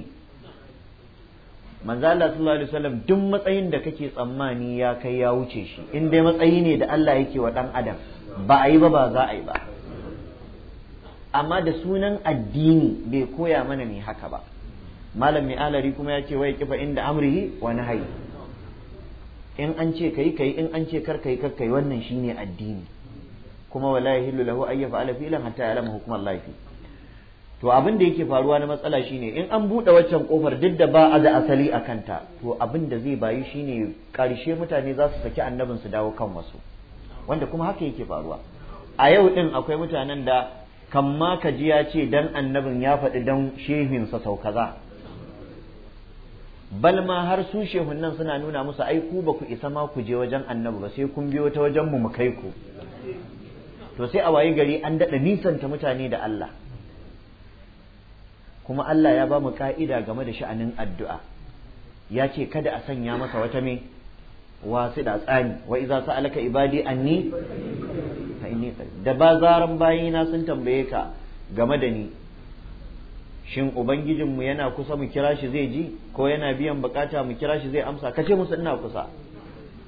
manzo Allah sallallahu alaihi wasallam duk matsayin da kake tsammani ya kai ya wuce shi in dai matsayi ne da Allah yake wa dan adam ba a yi ba ba za a yi ba amma da sunan addini bai koya mana ne haka ba malam mai alari kuma ya ce wai kifa inda amrihi wa nahyi in an ce kai kai in an ce kar kai kar kai wannan shine addini kuma wala yahillu lahu an yaf'ala fi'lan hatta ya'lama hukm Allah to abin da yake faruwa na matsala shine in an buɗe waccan kofar duk da ba a da asali a kanta to abin da zai bayi shine karshe mutane za su saki annabin su dawo kan wasu wanda kuma haka yake faruwa a yau din akwai mutanen da kamma kaji ya ce dan annabin ya faɗi dan shehin sau kaza bal ma har su nan suna nuna musu ai ku ba ku isa ma ku je wajen annabi ba sai kun biyo ta wajen mu mu kai ku to sai a wayi gari an daɗa nisanta mutane da Allah kuma Allah ya ba mu ka'ida game da sha'anin addu'a ya ce kada a sanya masa wata me wasu da tsani wa iza sa'alaka ibadi anni da ba zaran bayina sun tambaye ka game da ni shin ubangijinmu yana kusa mu kira shi zai ji ko yana biyan bukata mu kira shi zai amsa kace musu ina kusa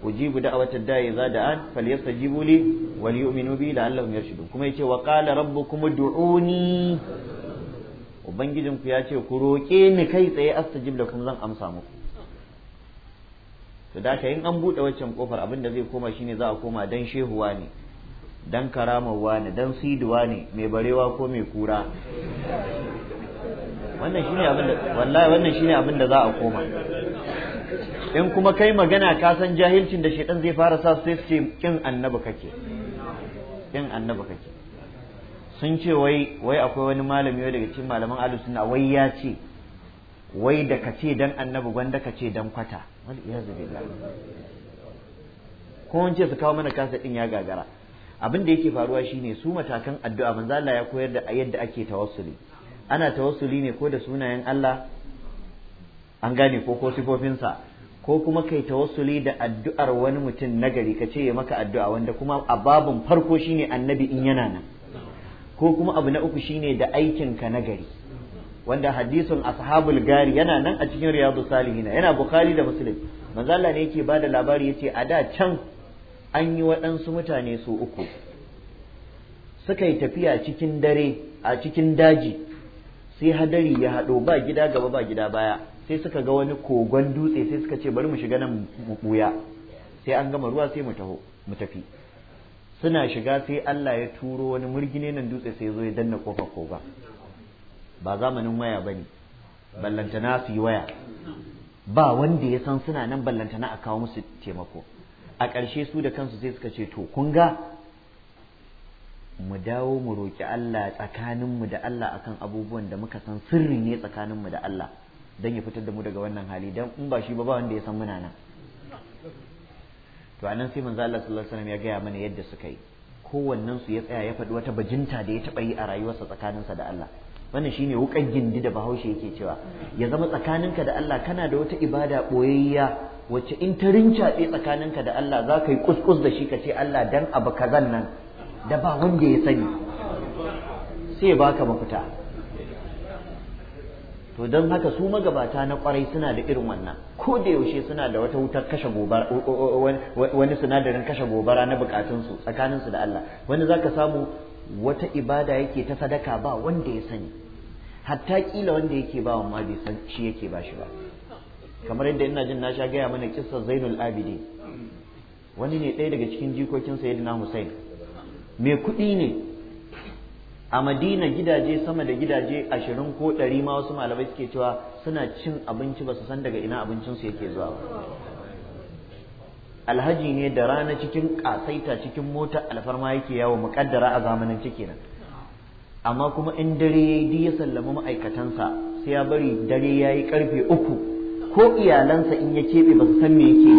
ujibu da'wata da'i za an falyastajibu li wal yu'minu bi la'allahum yarshudun kuma yace wa qala rabbukum ud'uni ubangijinku ya ce ku roƙe ni kai tsaye astajib lakum zan amsa muku to da in an buɗe waccan kofar abin da zai koma shine za a koma dan shehuwa ne dan karamawa ne dan siduwa ne mai barewa ko mai kura wannan shine abin da wallahi wannan shine abin da za a koma in kuma kai magana ka san jahilcin da shedan zai fara sa sai su ce kin annabi kake kin annabi kake sun ce wai wai akwai wani malami wai daga cikin malaman ahlus sunna wai ya ce wai da ka ce dan annabi gwanda ka ce dan kwata wal iyazu billah ko wance su kawo mana kasa din ya gagara abin da yake faruwa shine su matakan addu'a manzo Allah ya koyar da yadda ake tawassuli ana tawassuli ne ko da sunayen Allah an gane ko ko sifofinsa ko kuma kai tawassuli da addu'ar wani mutum nagari ka ce ya maka addu'a wanda kuma a babun farko shine annabi in yana nan ko kuma abu na uku shine da aikin ka nagari wanda hadisun ashabul gari yana nan a cikin riyadu salihina yana bukhari da muslim manzo ne yake bada labari yace a da can an yi waɗansu mutane su uku suka yi tafiya cikin dare a cikin daji sai hadari ya haɗo ba gida gaba ba gida baya sai suka ga wani kogon dutse sai suka ce bari mu shiga nan mu ɓuya sai an gama ruwa sai mu taho mu tafi suna shiga sai Allah ya turo wani murgine nan dutse sai zo ya danna kofar koga. ba zamanin waya bane ballantana su yi waya ba wanda ya san suna nan ballantana a kawo musu taimako a ƙarshe su da kansu sai suka ce to kun ga mu dawo mu roƙi Allah tsakaninmu da Allah akan abubuwan da muka san sirri ne tsakaninmu da Allah don ya fitar da mu daga wannan hali don in ba shi ba ba wanda ya san muna nan to anan sai manzo Allah sallallahu alaihi wasallam ya gaya mana yadda suka yi kowannen su ya tsaya ya faɗi wata bajinta da ya taɓa yi a rayuwarsa tsakaninsa da Allah wannan shine wukan gindi da Bahaushe yake cewa ya zama tsakaninka da Allah kana da wata ibada boyayya wacce in ta rincaɓe tsakaninka da Allah za ka yi kuskus da shi ka ce Allah dan abu kazan nan da ba wanda ya sani sai ya baka mafita to don haka su magabata na kwarai suna da irin wannan ko da yaushe suna da wata wutar kashe gobara wani sinadarin kashe gobara na bukatunsu tsakaninsu da Allah wani za ka samu wata ibada yake ta sadaka ba wanda ya sani hatta kila wanda yake ba wa ma bai san shi yake ba shi ba kamar yadda ina jin na sha gaya mana kissar zainul abidi wani ne ɗaya daga cikin jikokin sayyidina hussain mai kuɗi ne a madina gidaje sama da gidaje ashirin ko ɗari ma wasu malamai suke cewa suna cin abinci ba su san daga ina abincinsu yake zuwa ba alhaji ne da rana cikin ƙasaita cikin mota alfarma yake yawo muƙaddara a zamanin ciki nan amma kuma in dare ya yi ya sallami ma'aikatansa sai ya bari dare ya yi ƙarfe uku ko iyalansa in ya keɓe ba su san me yake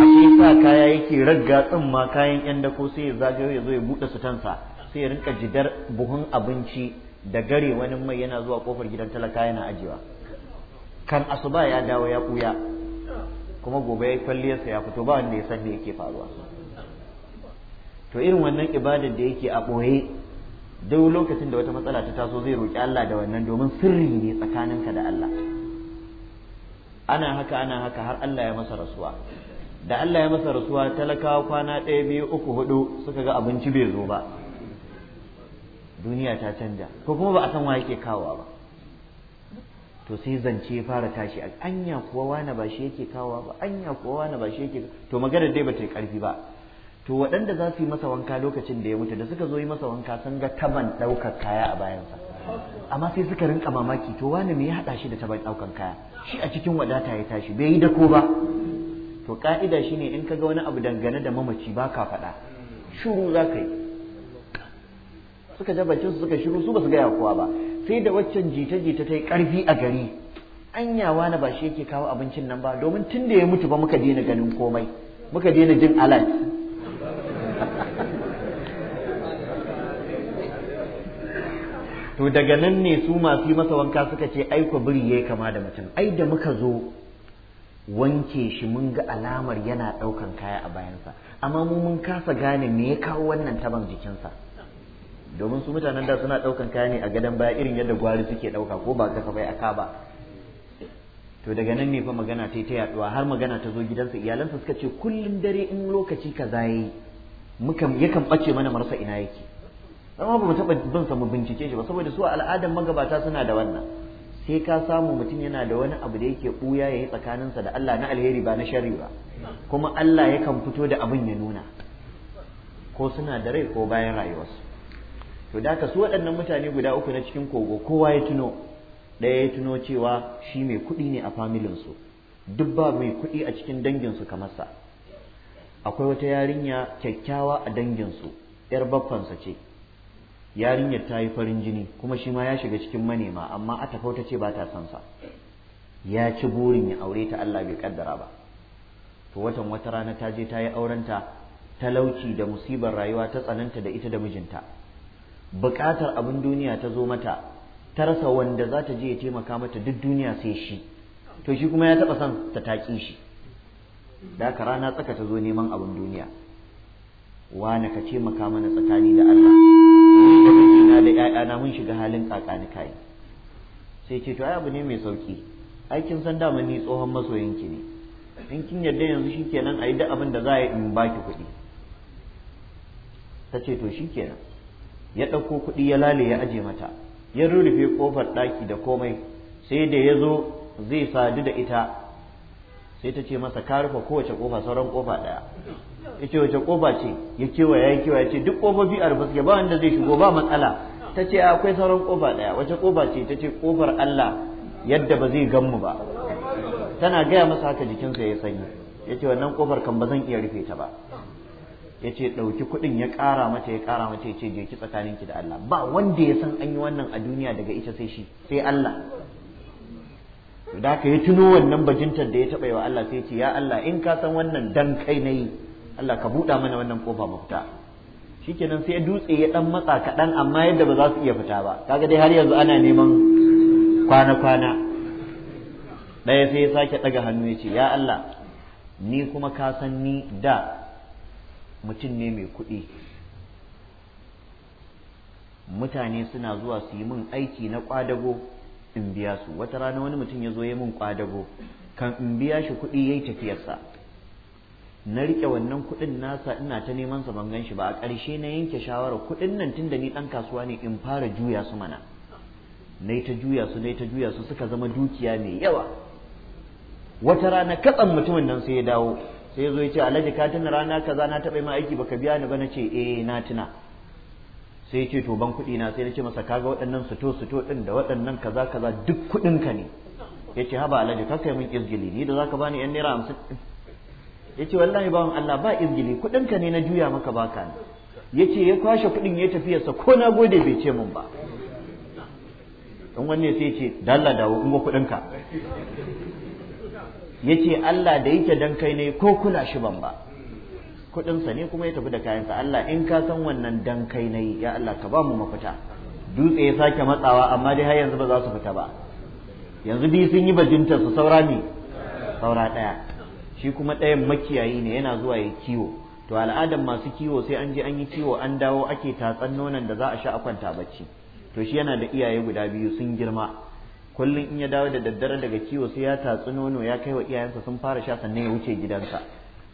a shi sa kaya yake ragga ma kayan yan dako sai ya zagayo ya zo ya buɗe tansa sai ya rinka jidar buhun abinci da gare wani mai yana zuwa kofar gidan talaka yana ajiyewa kan asuba ya dawo ya ɓuya kuma gobe ya sa ya fito ba wanda ya san me yake faruwa to irin wannan ibadar da yake a ɓoye duk lokacin da wata matsala ta taso zai roƙi Allah da wannan domin sirri ne tsakaninka da Allah ana haka ana haka har Allah ya masa rasuwa da Allah ya masa rasuwa talakawa kwana ɗaya biyu uku hudu suka ga abinci bai zo ba duniya ta canja ko kuma ba a san wa yake kawowa ba to sai zance ya fara tashi anya kuwa wane ba shi yake kawowa ba anya kuwa wane ba shi yake to magana dai ba ta yi ƙarfi ba to waɗanda za su yi masa wanka lokacin da ya mutu da suka zo yi masa wanka sun ga taban ɗaukar kaya a bayansa amma sai suka rinka mamaki to wani me ya haɗa shi da taban ɗaukar kaya shi a cikin wadata ya tashi bai yi dako ba to ka'ida shine in ka ga wani abu dangane da mamaci ba ka faɗa shuru za ka yi suka jabacin su suka shiru su ba su gaya kowa ba sai da waccan jita-jita ta yi ƙarfi a gari anyawa na ba shi yake kawo abincin nan ba domin tun da ya mutu ba muka daina ganin komai muka daina jin alat to daga nan ne su masu masa wanka suka ce ai biri yayi kama da mutum ai da muka zo wanke shi mun ga alamar yana ɗaukan kaya a bayansa amma mu mun kasa gane me ya kawo wannan taban jikinsa domin su mutanen da suna ɗaukan kaya ne a gadon baya irin yadda gwari suke ɗauka ko ba kasa bai aka ba to daga nan ne fa magana ta ta yaduwa har magana ta zo gidansa iyalansa suka ce kullum dare in lokaci kaza yayi yakan ɓace mana marasa ina yake amma ba mu taɓa bin sa mu bincike shi ba saboda su al'adan magabata suna da wannan sai ka samu mutum yana da wani abu da yake buya yayi tsakaninsa da Allah na alheri ba na sharri ba kuma Allah yakan fito da abin ya nuna ko suna da rai ko bayan rayuwarsu to da su waɗannan mutane guda uku na cikin kogo kowa ya tuno ɗaya ya tuno cewa shi mai kuɗi ne a familinsu duk ba mai kuɗi a cikin danginsu kamar sa akwai wata yarinya kyakkyawa a danginsu ‘yar baffansa ce yarinyar ta yi farin jini kuma shi ma ya shiga cikin manema amma tafau ta ce ba ta son sa ya ci burin ya aure ta Allah bai kaddara ba to watan wata rana ta je ta yi aurenta talauci da musibar rayuwa ta tsananta da ita da mijinta bukatar abin duniya ta zo mata ta rasa wanda za ta je ya taimaka mata duk duniya sai shi to shi kuma ya taɓa son ta taƙi shi da ka rana tsaka ta zo neman abin duniya wane ka taimaka mana tsakani da Allah dole ƴaƴana mun shiga halin kakani kai sai ce to ai abu ne mai sauki ai kin san da ni tsohon masoyinki ne in kin yarda yanzu shikenan ayi duk abin da za a yi in baki kuɗi ta ce to shikenan ya ɗauko kuɗi ya lale ya aje mata ya rurrufe kofar ɗaki da komai sai da ya zo zai sadu da ita sai ta ce masa ka rufe kowace kofa sauran kofa ɗaya ya ce wace kofa ce ya kewaya ya kewaya ce duk kofofi a rufe suke ba wanda zai shigo ba matsala ta ce akwai sauran kofa daya wace kofa ce ta ce kofar Allah yadda ba zai gan mu ba tana gaya masa haka jikinsa ya sanyi ya ce wannan kofar kan ba zan iya rufe ta ba ya ce ɗauki kuɗin ya ƙara mata ya ƙara mata ya ce je ki tsakaninki da Allah ba wanda ya san an yi wannan a duniya daga ita sai shi sai Allah to da ka yi tuno wannan bajintar da ya taɓa yi wa Allah sai ce ya Allah in ka san wannan dan kai na yi Allah ka buɗa mana wannan kofa mafita shikenan sai dutse ya dan matsa kaɗan amma yadda ba za su iya fita ba kaga dai har yanzu ana neman kwana-kwana ɗaya sai ya sake ɗaga hannu ya ce ya Allah ni kuma ka san ni da mutum ne mai kuɗi mutane suna zuwa su yi min aiki na kwadago in biya su wata rana wani mutum ya zo ya min kwadago kan in biya shi kuɗi ya yi tafiyarsa na rike wannan kuɗin nasa ina ta neman sa ban shi ba a ƙarshe na yanke shawarar kuɗin nan tunda ni ɗan kasuwa ne in fara juya su mana na ta juya su na ta juya su suka zama dukiya mai yawa wata rana katsan mutumin nan sai ya dawo sai ya zo ya ce alhaji ka tuna rana kaza na taɓa ma aiki baka biya ni ba na ce eh na tuna sai ya ce to ban kuɗi na sai na ce masa kaga waɗannan suto-suto ɗin da waɗannan kaza kaza duk kuɗinka ne ya ce haba alhaji ka kai min izgili ni da zaka bani yan naira hamsin yace wallahi bawan Allah ba izgili kuɗin ka ne na juya maka baka ne yace ya kwashe kuɗin ya tafi yasa ko na gode bai ce mun ba in wanne sai yace da Allah dawo in ga kudin ka yace Allah da yake dan kai ne ko kula shi ban ba kuɗinsa ne kuma ya tafi da kayan sa Allah in ka san wannan dan kai nayi ya Allah ka ba mu mafita dutse ya sake matsawa amma dai har yanzu ba za su fita ba yanzu biyu sun yi bajinta su saura ne saura ɗaya shi kuma ɗayan makiyayi ne yana zuwa ya kiwo to al'adan masu kiwo sai an je an yi kiwo an dawo ake tatsan nonon da za a sha a kwanta bacci to shi yana da iyaye guda biyu sun girma kullum in ya dawo da daddare daga kiwo sai ya tatsi nono ya kai wa iyayensa sun fara sha sannan ya wuce gidansa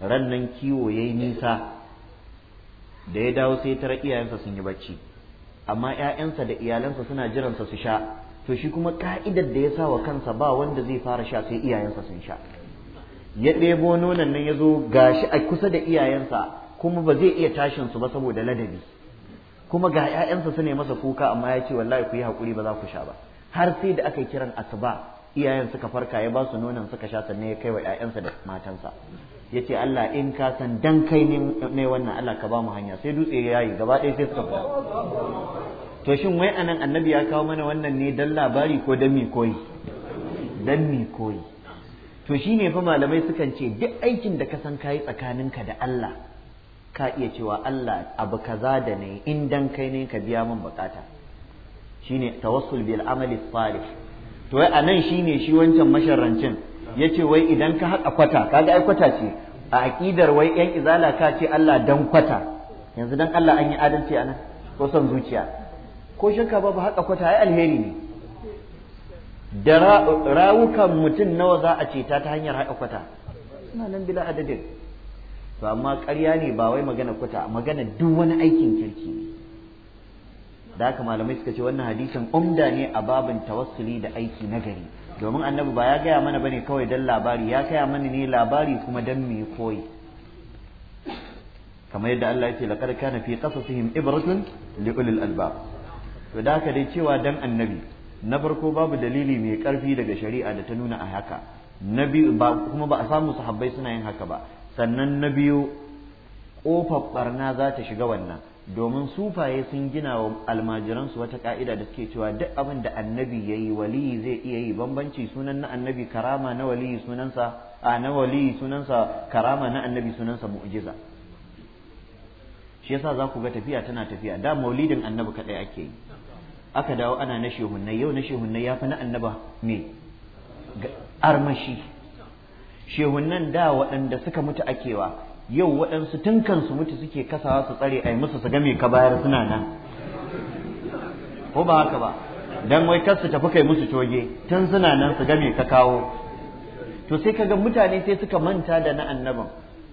ran nan kiwo yayi nisa da ya dawo sai tara iyayensa sun yi bacci amma ƴaƴansa da iyalansa suna jiransa su sha to shi kuma ka'idar da ya sa wa kansa ba wanda zai fara sha sai iyayensa sun sha ya ɗebo nonon nan ya zo ga shi a kusa da iyayensa kuma ba zai iya tashin su ba saboda ladabi kuma ga 'ya'yansa su ne masa kuka amma ya ce wallahi ku yi haƙuri ba za ku sha ba har sai da aka kiran asuba iyayen suka farka ya ba su nonon suka sha sannan ya kai wa 'ya'yansa da matansa ya ce Allah in ka san dan kai ne wannan Allah ka ba mu hanya sai dutse ya yi gaba ɗaya sai suka fita to shin wai anan annabi ya kawo mana wannan ne dan labari ko dan mi koyi dan mi koyi to shi ne fa malamai sukan ce duk aikin da ka san kayi tsakaninka da Allah ka iya cewa Allah abu kaza da ne in dan kai ne ka biya min bukata shine tawassul bil amali salih to wai anan shine shi wancan masharrancin yace wai idan ka haƙa kwata kaga ai kwata ce a aqidar wai yan izala ka ce Allah dan kwata yanzu dan Allah an yi adalci anan ko son zuciya ko shakka babu haƙa kwata ai alheri ne da rawukan mutum nawa za a ceta ta hanyar haɗa kwata suna nan bila adadin to amma ƙarya ne ba wai magana kwata magana duk wani aikin kirki ne da haka malamai suka ce wannan hadisin umda ne a babin tawassuli da aiki na gari domin annabi ba ya gaya mana bane kawai don labari ya gaya mana ne labari kuma dan mu koyi kamar yadda Allah ya ce laqad kana fi qasasihim ibratun li ulil albab to da haka dai cewa dan annabi na farko babu dalili mai ƙarfi daga shari'a da ta nuna a haka kuma ba a samu sahabbai suna yin haka ba sannan na biyu kofar barna za ta shiga wannan domin sufaye sun gina wa almajiransu wata ka'ida da suke cewa duk abin da annabi ya yi waliyi zai iya yi bambanci sunan na annabi karama na waliyi sunansa a na waliyi sunansa karama na annabi sunansa mu'jiza shi yasa za ku ga tafiya tana tafiya da maulidin annabi kaɗai ake yi aka dawo ana na shehunnai yau na shehunnai ya fi na annaba me armashi shehunnan da waɗanda suka mutu akewa yau waɗansu tun kansu mutu suke kasawa su tsare ai musu su game ka bayar suna nan ko ba haka ba dan wai kar su tafi kai musu coge tun suna nan su game ka kawo to sai kaga mutane sai suka manta da na annaban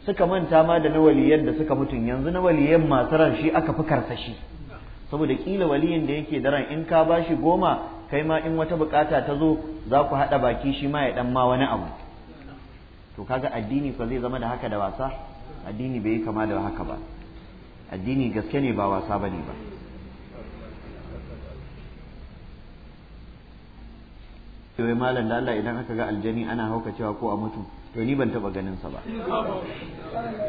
suka manta ma da na waliyan da suka mutu, yanzu na waliyan masu ran shi aka fi karsashi shi saboda kila waliyin da yake daren in ka bashi goma kai ma in wata bukata ta zo za ku haɗa baki shi ma ya ɗan ma wani abu to kaga addini fa zai zama da haka da wasa addini bai kama da haka ba addini gaske ne ba wasa bane ba sai malam da Allah idan aka ga aljani ana haukacewa ko a mutu to ni ban taba ganin sa ba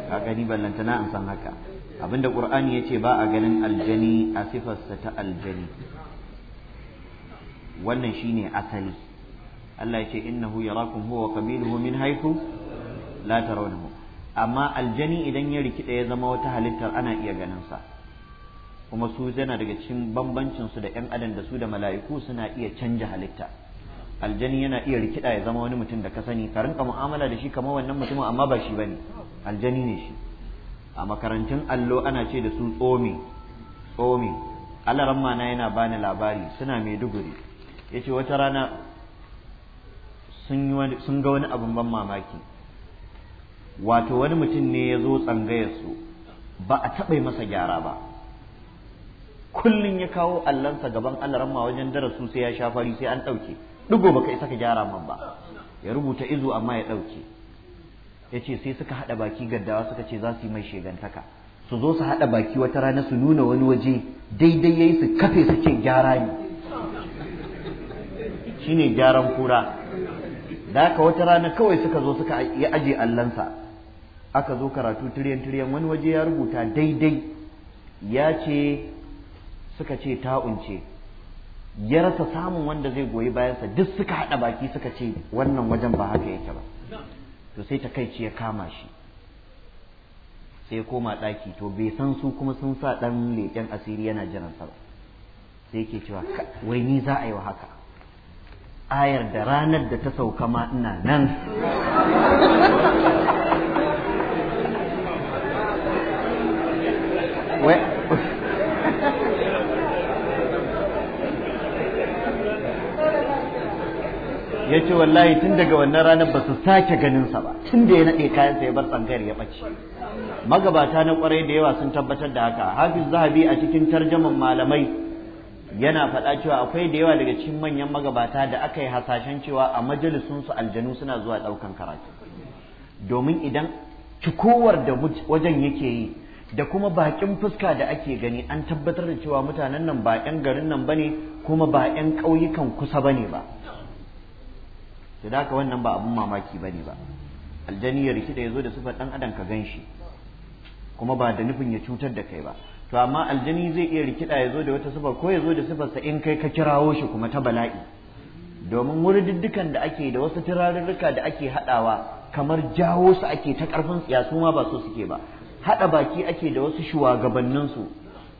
ka gani ballantana an san haka abinda qur'ani ce ba a ganin aljani a sifarsa ta aljani wannan ne asali Allah huya innahu yarakum huwa qabiluhu min haythu la tarawnahu amma aljani idan ya rikida ya zama wata halittar ana iya ganin sa kuma su yana daga cikin bambancin su da yan adam da su da mala'iku suna iya canja halitta aljani yana iya rikida ya zama wani mutum da ka sani ka rinka mu'amala da shi kamar wannan mutumin amma ba shi bane aljani ne shi a makarantun allo ana ce da su tsomi tsomi alaran mana yana bani labari suna maiduguri ya ce wata rana sun ga wani abin ban mamaki wato wani mutum ne ya zo tsangayarsu ba a taɓa masa gyara ba kullum ya kawo allansa gaban alaran ma wajen darasu sai ya sha fari sai an ɗauke ɗigo baka isa ka gyara man ba ya rubuta izu amma ya ɗauke ya ce sai suka haɗa baki gaddawa suka ce za su yi mai shegantaka su zo su haɗa baki wata rana su nuna wani waje daidai ya yi su kafe su ce gyara ne shine gyaran kura da aka wata rana kawai suka zo suka yi aje allansa aka zo karatu tiriyan-tiriyan wani waje ya rubuta daidai ya ce suka ce ta'unce ya rasa samun wanda zai goyi bayansa duk suka haɗa baki suka ce wannan wajen ba haka yake ba to sai takaici ya kama shi sai ya koma ɗaki to bai san su kuma sun sa ɗan leƙen asiri yana jiransa ba sai yake cewa wai ni za a yi wa haka ayar da ranar da ta sauka ma ina nan ya ce wallahi tun daga wannan ranar ba su sake ganinsa ba tun da ya naɗe kayansa ya bar tsangayar ya ɓace magabata na ƙwarai da yawa sun tabbatar da haka hafiz zahabi a cikin tarjaman malamai yana faɗa cewa akwai da yawa daga cikin manyan magabata da aka yi hasashen cewa a majalisun su aljanu suna zuwa ɗaukan karatu domin idan cikowar da wajen yake yi da kuma bakin fuska da ake gani an tabbatar da cewa mutanen nan ba 'yan garin nan bane kuma ba 'yan ƙauyukan kusa bane ba to da haka wannan ba abun mamaki bane ba aljani ya rikida ya zo da sufar dan adam ka ganshi kuma ba da nufin ya cutar da kai ba to amma aljani zai iya rikida ya zo da wata sufar ko ya zo da sufar sa in kai ka kirawo shi kuma ta bala'i domin wurididdikan da ake da wasu turarurruka da ake hadawa kamar jawo su ake ta karfin tsiya su ma ba so suke ba hada baki ake da wasu shugabannin su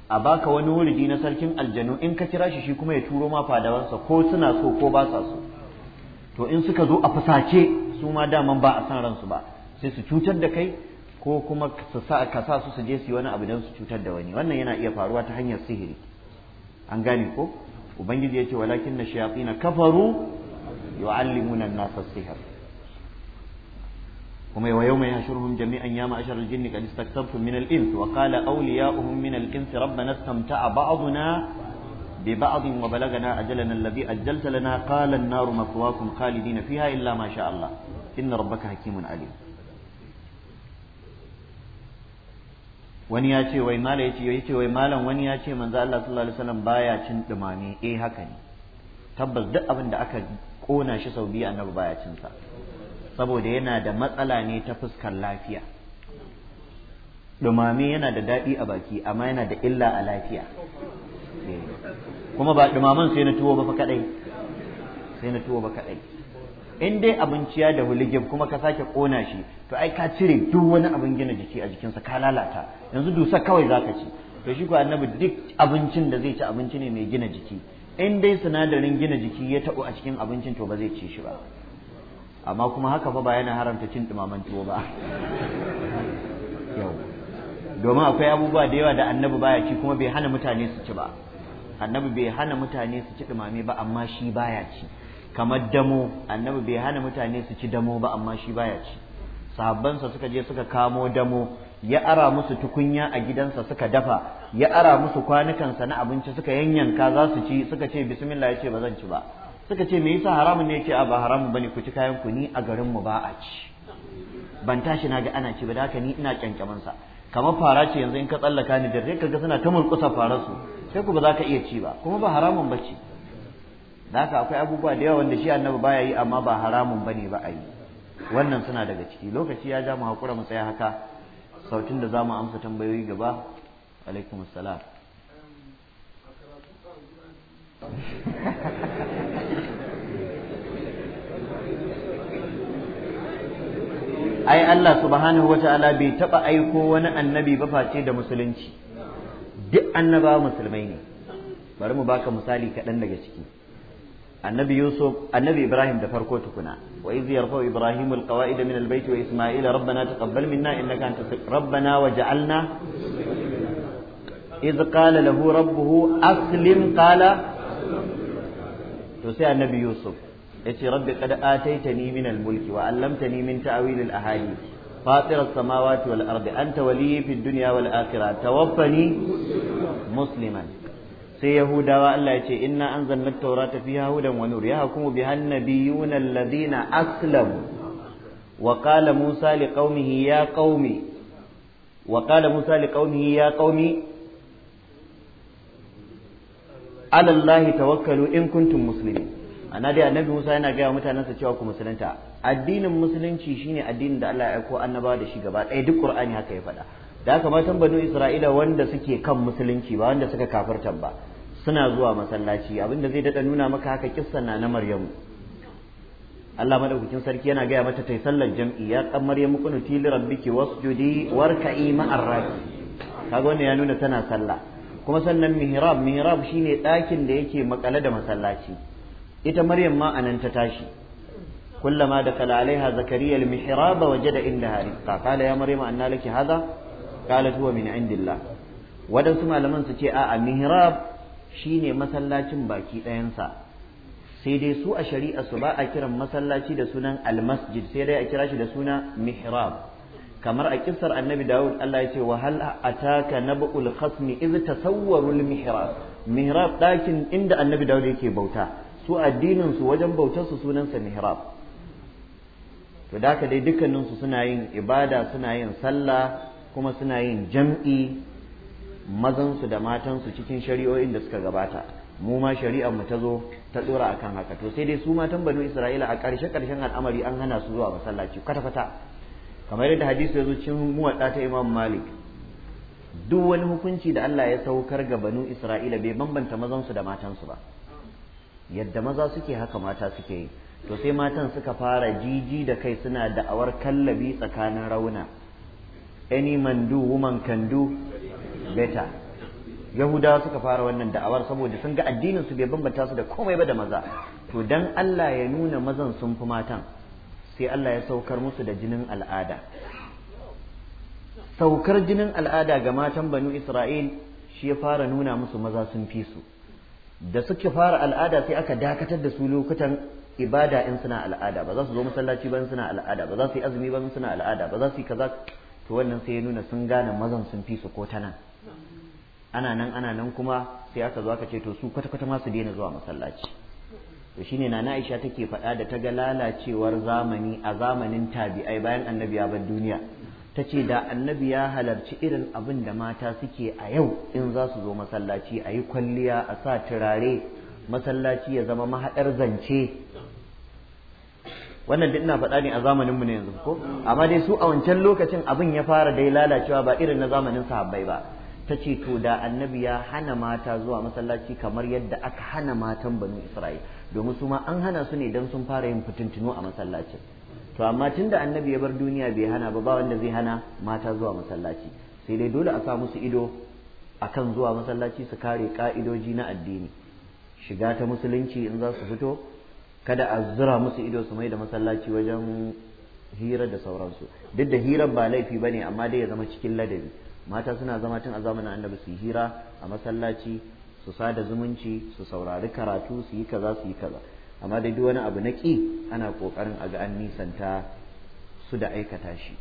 a baka wani wuridi na sarkin aljanu in ka kira shi shi kuma ya turo ma fadawansa ko suna so ko ba sa so to in suka zo a fasace su ma daman ba a san ransu ba sai su cutar da kai ko kuma ka sa su su je su yi wani abu don su cutar da wani wannan yana iya faruwa ta hanyar sihiri an gane ko ubangiji ya ce walakin na na kafaru yu'allimuna an-nasa sihr kuma yau mai yahshuruhum jami'an ya ma'ashar al-jinni qad min al-ins wa qala awliya'uhum min al-ins rabbana a ba'duna ببعض وبلغنا أجلنا الذي أجلت لنا قال النار مثواكم خالدين فيها إلا ما شاء الله إن ربك حكيم عليم wani ya ce wai malam ya ce ya ce wai malam wani ya ce manzo Allah sallallahu alaihi wasallam baya cin dumame eh haka ne tabbas duk abin da aka kona shi sau biyu annabi baya cin sa saboda yana da matsala ne ta fuskar lafiya dumame yana da daɗi a baki amma yana da illa a lafiya kuma ba dumaman sai na tuwo ba fa kadai sai na tuwo ba kadai in dai abinci ya da huligib kuma ka sake kona shi to ai ka cire duk wani abin gina jiki a jikinsa ka lalata yanzu dusa kawai zaka ci to shi ko annabi duk abincin da zai ci abinci ne mai gina jiki in dai sinadarin gina jiki ya taɓo a cikin abincin to ba zai ci shi ba amma kuma haka fa ba yana haramta cin dumaman tuwo ba yau domin akwai abubuwa da yawa da annabi baya ci kuma bai hana mutane su ci ba annabi bai hana mutane su ci dumame ba amma shi baya ci kamar damo annabi bai hana mutane su ci damo ba amma shi baya ci sahabbansa suka je suka kamo damo ya ara musu tukunya a gidansa suka dafa ya ara musu kwanukansa na abinci suka yanyanka za su ci suka ce bismillah ya ba zan ci ba suka ce me yasa haramun ne ya ce a ba haramun bane ku ci kayan ku ni a garin mu ba a ci ban tashi na ga ana ci ba da haka ni ina kyankyaman sa kamar fara ce yanzu in ka tsallaka ni dare ga suna ta mulkusa fara su sai ku ba za ka iya ci ba kuma ba haramun ba ce da aka akwai abubuwa da yawa wanda shi annabi baya yi amma ba haramun ba ne ba a yi wannan suna daga ciki lokaci ya ja mu haƙura mu tsaya haka sautin da za mu amsa tambayoyi gaba alaikum salam ai Allah subhanahu ta'ala bai taɓa aiko wani annabi ba face da musulunci duk annabawa musulmai ne bari mu baka misali kaɗan daga ciki annabi yusuf annabi ibrahim da farko tukuna wa iz yarfa'u ibrahim alqawa'id min albayt wa isma'ila rabbana taqabbal minna innaka antas rabbana waj'alna iz qala lahu rabbuhu aslim qala to sai annabi yusuf yace rabbi qad ataitani min almulki wa allamtani min ta'wil alahadith فاطر السماوات والأرض أنت ولي في الدنيا والآخرة توفني مسلما سيهودا وألا يتي إنا أنزلنا التوراة فيها هدى ونور يحكم بها النبيون الذين أسلموا وقال موسى لقومه يا قوم وقال موسى لقومه يا قوم على الله توكلوا إن كنتم مسلمين أنا دي النبي موسى أنا جاء متى نسى cewa ku musulunta addinin musulunci shine addinin da Allah ya aiko annaba da shi gaba ɗaya duk Qur'ani haka ya faɗa da matan banu Isra'ila wanda suke kan musulunci ba wanda suka kafirta ba suna zuwa masallaci Abin da zai daɗa nuna maka haka kissan na Maryamu Allah madaukakin sarki yana gaya mata tai sallar jam'i ya kan Maryamu kunuti li rabbiki wasjudi warka'i ma'ar raki kaga wannan ya nuna tana sallah kuma sannan mihrab mihrab shine ɗakin da yake makale da masallaci ita Maryam ma anan ta tashi كلما دخل عليها زكريا المحراب وجد عندها رزقا قال يا مريم أن لك هذا قالت هو من عند الله wadan su malaman su ce a'a mihrab shine masallacin baki ɗayansa sai dai su a shari'a su ba a kiran masallaci da sunan almasjid sai dai a kira shi da suna mihrab kamar a kissar annabi dawud Allah ya ce wa hal ataka nabul khasmi iz tasawwaru al mihrab mihrab dakin inda annabi dawud yake bauta su addinin su wajen bautar su sunan sa mihrab to da haka dai dukkaninsu suna yin ibada suna yin sallah kuma suna yin jam'i mazansu da matansu cikin shari'o'in da suka gabata mu ma shari'ar mu ta zo ta dora akan haka to sai dai su matan banu isra'ila a ƙarshe ƙarshen al'amari an hana su zuwa masallaci kwata kwata kamar yadda hadisi ya zo cikin muwaɗa ta imam malik duk wani hukunci da Allah ya saukar ga banu isra'ila bai bambanta mazansu da matansu ba yadda maza suke haka mata suke yi to sai matan suka fara jiji da kai suna da'awar kallabi tsakanin rauna any man do woman can do better yahudawa suka fara wannan da'awar saboda sun ga addinin su bai bambanta su da komai ba da maza to dan Allah ya nuna mazan sun fi matan sai Allah ya saukar musu da jinin al'ada saukar jinin al'ada ga matan banu Isra'il shi ya fara nuna musu maza sun fi su da suke fara al'ada sai aka dakatar da su lokutan ibada in suna al'ada ba za su zo masallaci ba in suna al'ada ba za su yi azumi ba in suna al'ada ba za su yi kaza to wannan sai ya nuna sun gane mazan sun fi su ko ta nan ana nan ana nan kuma sai aka zo aka ce to su kwata kwata ma su daina zuwa masallaci to shine nana Aisha take faɗa da ta ga lalacewar zamani a zamanin tabi'ai bayan annabi ya bar duniya ta da annabi ya halarci irin abin da mata suke a yau in za su zo masallaci a yi kwalliya a sa turare masallaci ya zama mahaɗar zance wannan duk na faɗa ne a zamaninmu ne yanzu ko amma dai su a wancan lokacin abin ya fara dai lalacewa ba irin na zamanin sahabbai ba ta ce to da annabi ya hana mata zuwa masallaci kamar yadda aka hana matan banu isra'il domin su ma an hana su ne don sun fara yin fitintinu a masallacin to amma tun da annabi ya bar duniya bai hana ba ba wanda zai hana mata zuwa masallaci sai dai dole a sa musu ido akan zuwa masallaci su kare ka'idoji na addini shiga ta musulunci in za su fito kada a zura musu ido su mai da masallaci wajen hira da sauransu duk da hirar ba laifi bane amma dai ya zama cikin ladabi mata suna zama tun a zamanin annabi su hira a masallaci su sada zumunci su saurari karatu su yi kaza su yi kaza amma dai duk wani abu na ƙi ana ƙoƙarin a ga an nisanta su da aikata shi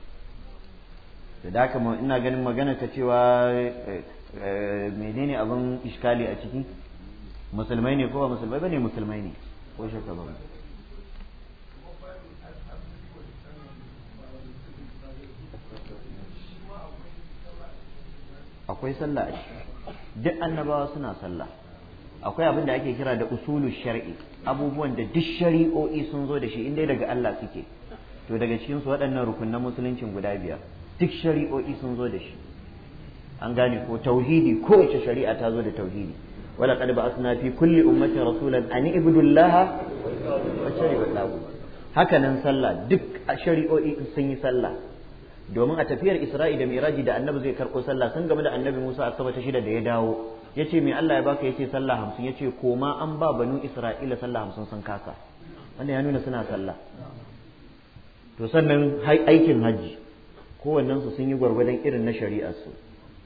da haka ina ganin magana ta cewa eh, eh, menene abin iskali a ciki musulmai ne ko ba musulmai ne musulmai ne ko shakka ba akwai sallah a duk annabawa suna sallah akwai abin da ake kira da usulu shar'i abubuwan da duk shari'o'i sun zo da shi in dai daga Allah suke to daga cikin su waɗannan rukunan musuluncin guda biyar duk shari'o'i sun zo da shi an gane ko tauhidi ko kowace shari'a ta zo da tauhidi ولقد بعثنا في كل أمة رسولا أن اعبدوا الله واجتنبوا الطاغوت haka nan sallah duk a shari'o'i sun yi sallah domin a tafiyar Isra'i da Miraji da Annabi zai karko sallah sun gaba da Annabi Musa a ta shida da ya dawo yace me Allah ya baka yace sallah 50 yace koma an ba banu Isra'ila sallah 50 sun kasa wannan ya nuna suna sallah to sannan aikin hajji kowannen sun yi gwargwadon irin na shari'ar su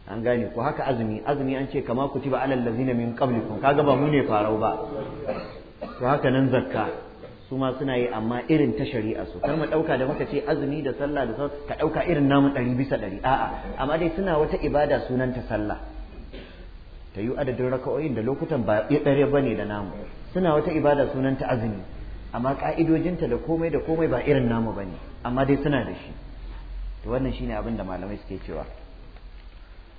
an gane ku haka azumi azumi an ce kama ku kutiba alal ladzina min qablikum kaga ba mu ne farau ba to haka nan zakka su ma suna yi amma irin ta shari'a su kar mu dauka da muka ce azumi da sallah da sallah ka dauka irin namu ɗari bisa ɗari a'a amma dai suna wata ibada sunan ta sallah ta yi adadin raka'o'in da lokutan ba ɗare ba ne da namu suna wata ibada sunan ta azumi amma ka'idojinta da komai da komai ba irin namu ba ne amma dai suna da shi to wannan shine abin da malamai suke cewa